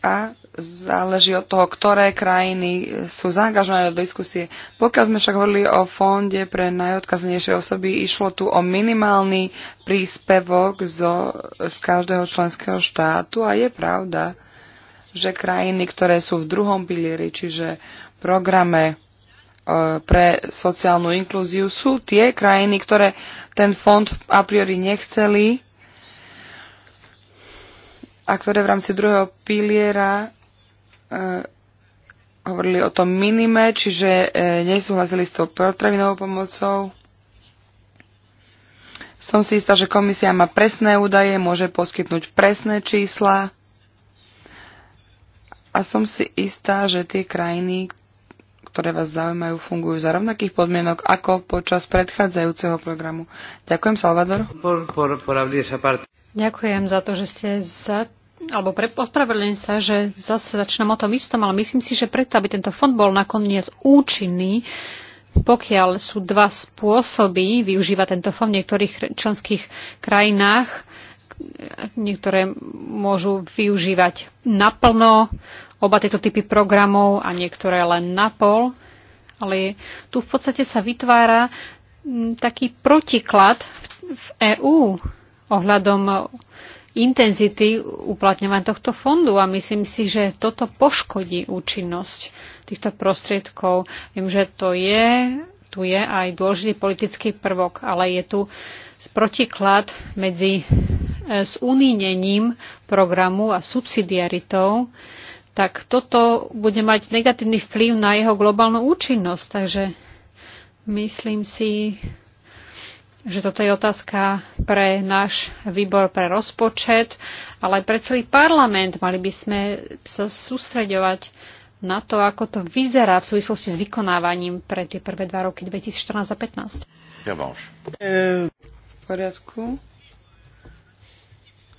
a záleží od toho, ktoré krajiny sú zaangažované do diskusie. Pokiaľ sme však hovorili o fonde pre najodkaznejšie osoby, išlo tu o minimálny príspevok zo, z každého členského štátu a je pravda, že krajiny, ktoré sú v druhom pilieri, čiže programe e, pre sociálnu inklúziu, sú tie krajiny, ktoré ten fond a priori nechceli a ktoré v rámci druhého piliera Eh, hovorili o tom minime, čiže e, nesúhlasili s tou potravinovou pomocou. Som si istá, že komisia má presné údaje, môže poskytnúť presné čísla. A som si istá, že tie krajiny, ktoré vás zaujímajú, fungujú za rovnakých podmienok ako počas predchádzajúceho programu. Ďakujem, Salvador. Ďakujem za to, že ste za alebo pre, ospravedlňujem sa, že zase začnem o tom istom, ale myslím si, že preto, aby tento fond bol nakoniec účinný, pokiaľ sú dva spôsoby využíva tento fond v niektorých členských krajinách, niektoré môžu využívať naplno oba tieto typy programov a niektoré len na pol, ale tu v podstate sa vytvára taký protiklad v EÚ ohľadom intenzity uplatňovania tohto fondu a myslím si, že toto poškodí účinnosť týchto prostriedkov. Viem, že to je, tu je aj dôležitý politický prvok, ale je tu protiklad medzi s e, unínením programu a subsidiaritou, tak toto bude mať negatívny vplyv na jeho globálnu účinnosť. Takže myslím si, že toto je otázka pre náš výbor pre rozpočet, ale aj pre celý parlament. Mali by sme sa sústreďovať na to, ako to vyzerá v súvislosti s vykonávaním pre tie prvé dva roky 2014 a 2015. Ja E, v poriadku.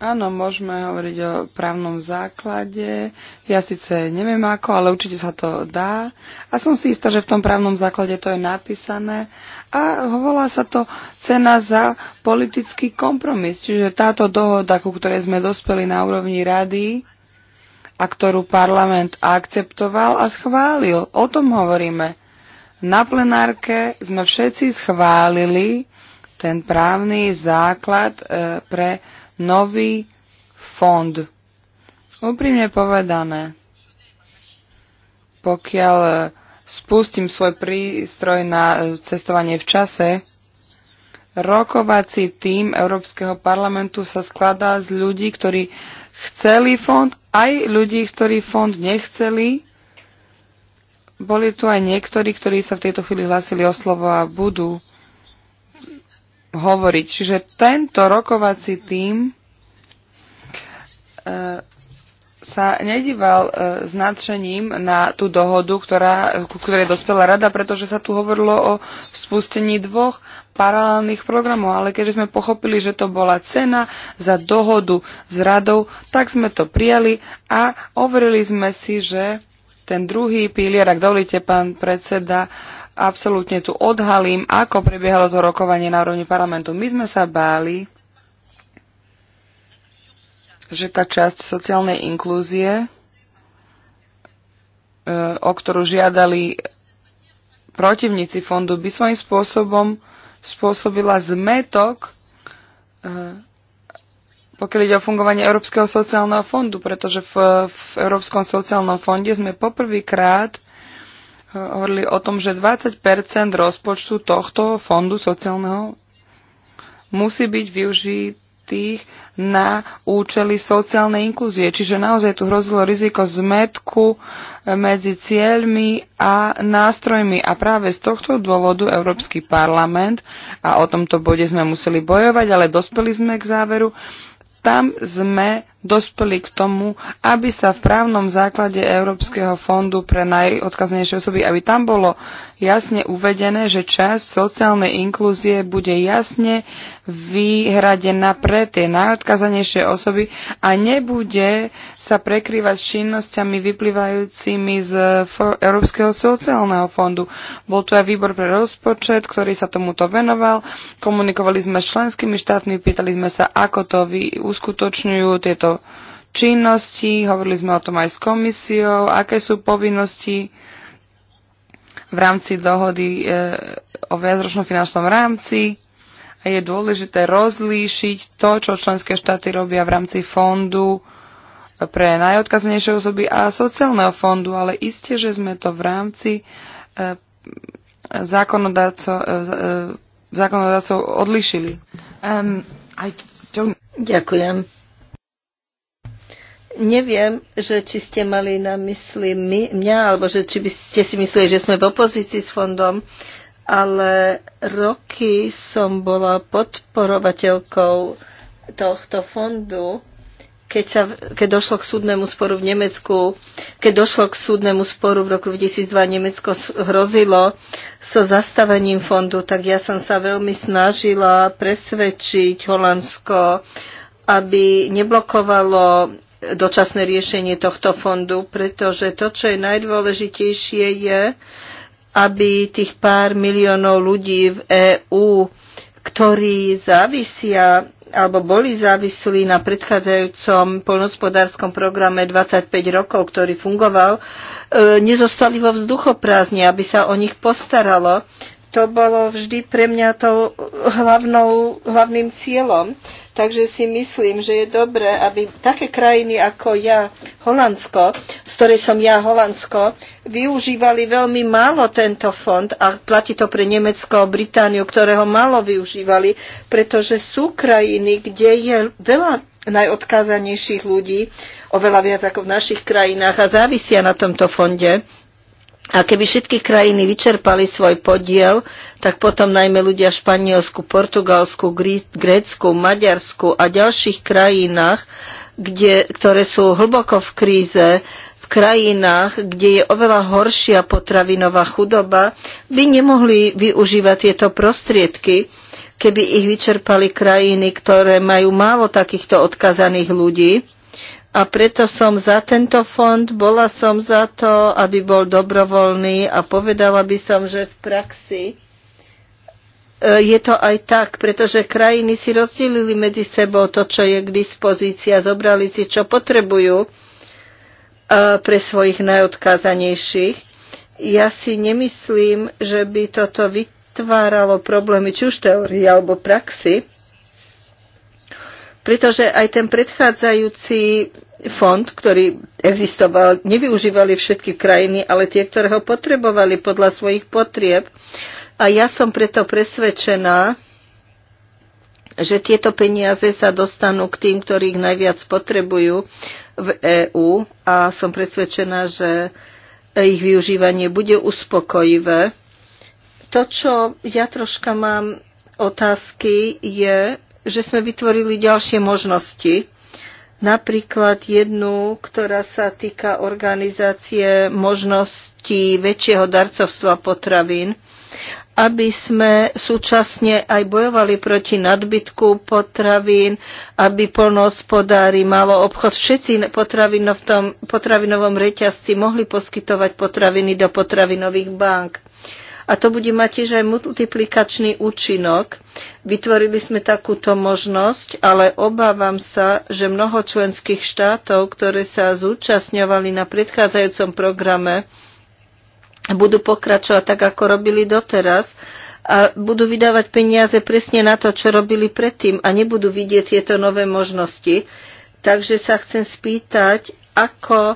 Áno, môžeme hovoriť o právnom základe. Ja síce neviem ako, ale určite sa to dá. A som si istá, že v tom právnom základe to je napísané. A volá sa to cena za politický kompromis. Čiže táto dohoda, ku ktorej sme dospeli na úrovni rady a ktorú parlament akceptoval a schválil. O tom hovoríme. Na plenárke sme všetci schválili ten právny základ e, pre nový fond. Úprimne povedané, pokiaľ spustím svoj prístroj na cestovanie v čase, rokovací tím Európskeho parlamentu sa skladá z ľudí, ktorí chceli fond, aj ľudí, ktorí fond nechceli. Boli tu aj niektorí, ktorí sa v tejto chvíli hlasili o slovo a budú hovoriť. Čiže tento rokovací tím e, sa nedíval e, s nadšením na tú dohodu, ktorá, ku ktorej dospela rada, pretože sa tu hovorilo o spustení dvoch paralelných programov. Ale keďže sme pochopili, že to bola cena za dohodu s radou, tak sme to prijali a overili sme si, že ten druhý pilier, ak dovolíte, pán predseda, absolútne tu odhalím, ako prebiehalo to rokovanie na úrovni parlamentu. My sme sa báli, že tá časť sociálnej inklúzie, e, o ktorú žiadali protivníci fondu, by svojím spôsobom spôsobila zmetok, e, pokiaľ ide o fungovanie Európskeho sociálneho fondu, pretože v, v Európskom sociálnom fonde sme poprvýkrát hovorili o tom, že 20 rozpočtu tohto fondu sociálneho musí byť využitých na účely sociálnej inklúzie. Čiže naozaj tu hrozilo riziko zmetku medzi cieľmi a nástrojmi. A práve z tohto dôvodu Európsky parlament, a o tomto bode sme museli bojovať, ale dospeli sme k záveru, tam sme dospeli k tomu, aby sa v právnom základe Európskeho fondu pre najodkaznejšie osoby, aby tam bolo jasne uvedené, že časť sociálnej inklúzie bude jasne vyhradená pre tie najodkazanejšie osoby a nebude sa prekrývať s činnosťami vyplývajúcimi z Európskeho sociálneho fondu. Bol tu aj výbor pre rozpočet, ktorý sa tomuto venoval. Komunikovali sme s členskými štátmi, pýtali sme sa, ako to uskutočňujú tieto činnosti, hovorili sme o tom aj s komisiou, aké sú povinnosti v rámci dohody e, o viacročnom finančnom rámci a je dôležité rozlíšiť to, čo členské štáty robia v rámci fondu pre najodkazenejšie osoby a sociálneho fondu, ale isté, že sme to v rámci e, zákonodácov e, odlišili. Um, Ďakujem. Neviem, že či ste mali na mysli my, mňa, alebo že či by ste si mysleli, že sme v opozícii s fondom, ale roky som bola podporovateľkou tohto fondu, keď, sa, keď došlo k súdnemu sporu v Nemecku, keď došlo k súdnemu sporu v roku 2002 Nemecko hrozilo so zastavením fondu, tak ja som sa veľmi snažila presvedčiť Holandsko, aby neblokovalo dočasné riešenie tohto fondu, pretože to, čo je najdôležitejšie, je, aby tých pár miliónov ľudí v EÚ, ktorí závisia alebo boli závislí na predchádzajúcom polnospodárskom programe 25 rokov, ktorý fungoval, e, nezostali vo vzduchoprázdne, aby sa o nich postaralo. To bolo vždy pre mňa tou hlavnou, hlavným cieľom. Takže si myslím, že je dobré, aby také krajiny ako ja, Holandsko, z ktorej som ja, Holandsko, využívali veľmi málo tento fond a platí to pre Nemecko, Britániu, ktoré ho málo využívali, pretože sú krajiny, kde je veľa najodkázanejších ľudí, oveľa viac ako v našich krajinách a závisia na tomto fonde. A keby všetky krajiny vyčerpali svoj podiel, tak potom najmä ľudia v Španielsku, Portugalsku, Grécku, Maďarsku a ďalších krajinách, kde, ktoré sú hlboko v kríze, v krajinách, kde je oveľa horšia potravinová chudoba, by nemohli využívať tieto prostriedky, keby ich vyčerpali krajiny, ktoré majú málo takýchto odkazaných ľudí a preto som za tento fond, bola som za to, aby bol dobrovoľný a povedala by som, že v praxi e, je to aj tak, pretože krajiny si rozdelili medzi sebou to, čo je k dispozícii a zobrali si, čo potrebujú e, pre svojich najodkázanejších. Ja si nemyslím, že by toto vytváralo problémy či už teórii alebo praxi, pretože aj ten predchádzajúci fond, ktorý existoval, nevyužívali všetky krajiny, ale tie, ktoré ho potrebovali podľa svojich potrieb. A ja som preto presvedčená, že tieto peniaze sa dostanú k tým, ktorí ich najviac potrebujú v EÚ a som presvedčená, že ich využívanie bude uspokojivé. To, čo ja troška mám otázky, je, že sme vytvorili ďalšie možnosti. Napríklad jednu, ktorá sa týka organizácie možností väčšieho darcovstva potravín, aby sme súčasne aj bojovali proti nadbytku potravín, aby polnohospodári, malo obchod, všetci potravino v tom potravinovom reťazci mohli poskytovať potraviny do potravinových bank a to bude mať tiež aj multiplikačný účinok. Vytvorili sme takúto možnosť, ale obávam sa, že mnoho členských štátov, ktoré sa zúčastňovali na predchádzajúcom programe, budú pokračovať tak, ako robili doteraz a budú vydávať peniaze presne na to, čo robili predtým a nebudú vidieť tieto nové možnosti. Takže sa chcem spýtať, ako e,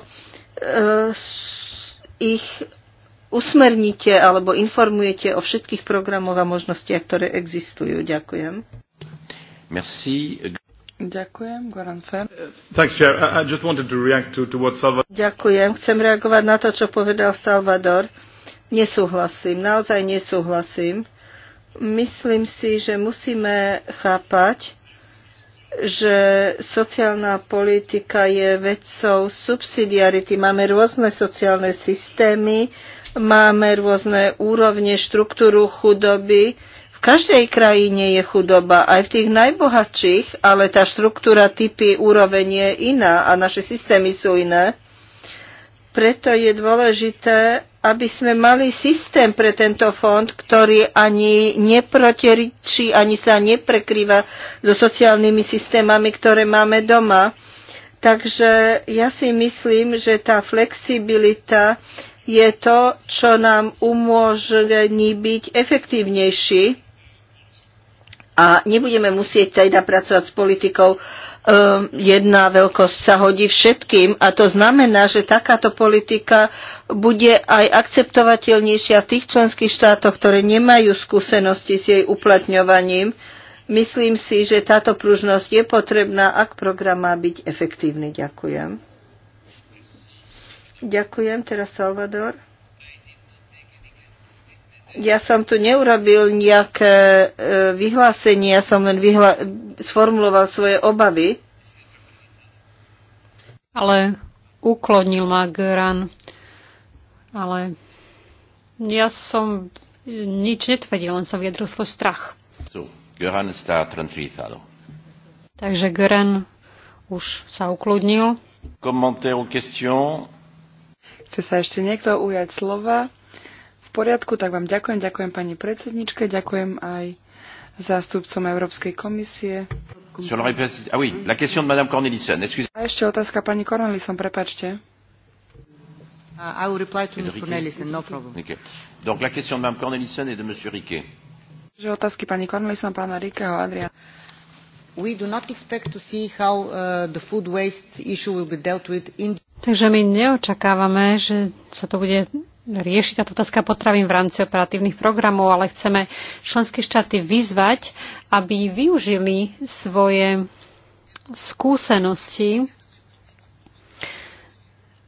ich usmernite alebo informujete o všetkých programoch a možnostiach, ktoré existujú. Ďakujem. Merci. Ďakujem, Goran Fer. Thanks, Chair. I just wanted to react to, to what Salvador... Ďakujem. Chcem reagovať na to, čo povedal Salvador. Nesúhlasím, naozaj nesúhlasím. Myslím si, že musíme chápať, že sociálna politika je vecou subsidiarity. Máme rôzne sociálne systémy, Máme rôzne úrovne, štruktúru chudoby. V každej krajine je chudoba, aj v tých najbohatších, ale tá štruktúra typy úroveň je iná a naše systémy sú iné. Preto je dôležité, aby sme mali systém pre tento fond, ktorý ani neprotiričí, ani sa neprekrýva so sociálnymi systémami, ktoré máme doma. Takže ja si myslím, že tá flexibilita je to, čo nám umožní byť efektívnejší a nebudeme musieť teda pracovať s politikou ehm, jedna veľkosť sa hodí všetkým a to znamená, že takáto politika bude aj akceptovateľnejšia v tých členských štátoch, ktoré nemajú skúsenosti s jej uplatňovaním. Myslím si, že táto pružnosť je potrebná, ak program má byť efektívny. Ďakujem. Ďakujem, teraz Salvador. Ja som tu neurobil nejaké e, vyhlásenie, ja som len vyhla- sformuloval svoje obavy. Ale uklonil ma Gran. Ale ja som nič netvrdil, len som vyjadril svoj strach. So, Takže Gran už sa ukludnil. Komentár ou question? Chce sa ešte niekto ujať slova? V poriadku, tak vám ďakujem. Ďakujem pani predsedničke, ďakujem aj zástupcom Európskej komisie. Ah A ešte otázka pani Cornelison, prepačte. Uh, no Donc la question de Mme Cornelissen et de M. Riquet. Že otázky pani Cornelissen, pána Riqueho, Adriana. We do not expect to see how uh, the food waste issue will be dealt with in Takže my neočakávame, že sa to bude riešiť táto otázka potravín v rámci operatívnych programov, ale chceme členské štáty vyzvať, aby využili svoje skúsenosti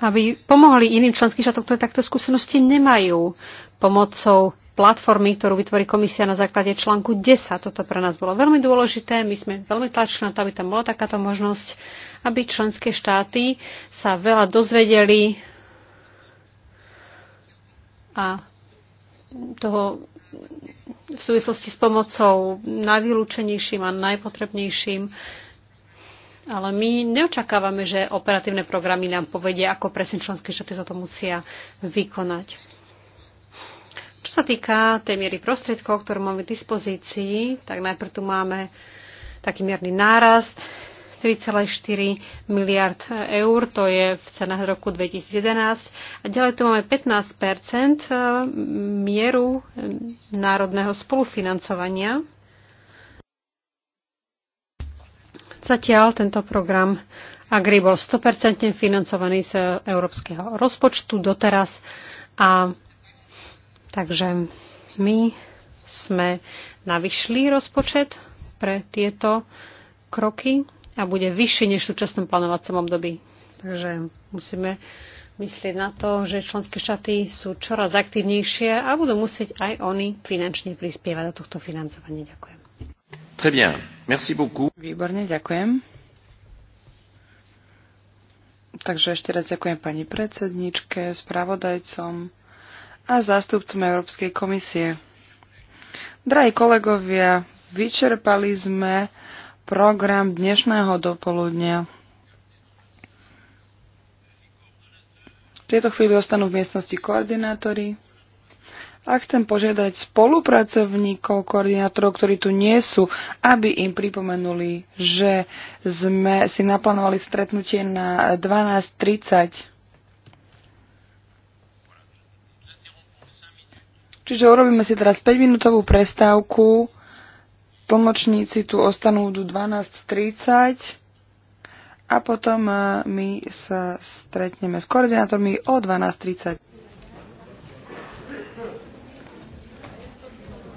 aby pomohli iným členským štátom, ktoré takto skúsenosti nemajú pomocou platformy, ktorú vytvorí komisia na základe článku 10. Toto pre nás bolo veľmi dôležité. My sme veľmi tlačili na to, aby tam bola takáto možnosť, aby členské štáty sa veľa dozvedeli a toho v súvislosti s pomocou najvylúčenejším a najpotrebnejším ale my neočakávame, že operatívne programy nám povedia, ako presne členské štáty toto musia vykonať. Čo sa týka tej miery prostriedkov, ktoré máme k dispozícii, tak najprv tu máme taký mierny nárast 3,4 miliard eur, to je v cenách roku 2011. A ďalej tu máme 15 mieru národného spolufinancovania Zatiaľ tento program Agri bol 100% financovaný z európskeho rozpočtu doteraz a takže my sme navyšli rozpočet pre tieto kroky a bude vyšší než v súčasnom plánovacom období. Takže musíme myslieť na to, že členské štáty sú čoraz aktívnejšie a budú musieť aj oni finančne prispievať do tohto financovania. Ďakujem. Výborne, ďakujem. Takže ešte raz ďakujem pani predsedničke, spravodajcom a zástupcom Európskej komisie. Drahí kolegovia, vyčerpali sme program dnešného dopoludnia. V tejto chvíli ostanú v miestnosti koordinátori a chcem požiadať spolupracovníkov, koordinátorov, ktorí tu nie sú, aby im pripomenuli, že sme si naplánovali stretnutie na 12.30. Čiže urobíme si teraz 5-minútovú prestávku. Tlmočníci tu ostanú do 12.30 a potom eh, my sa stretneme s koordinátormi o 12.30.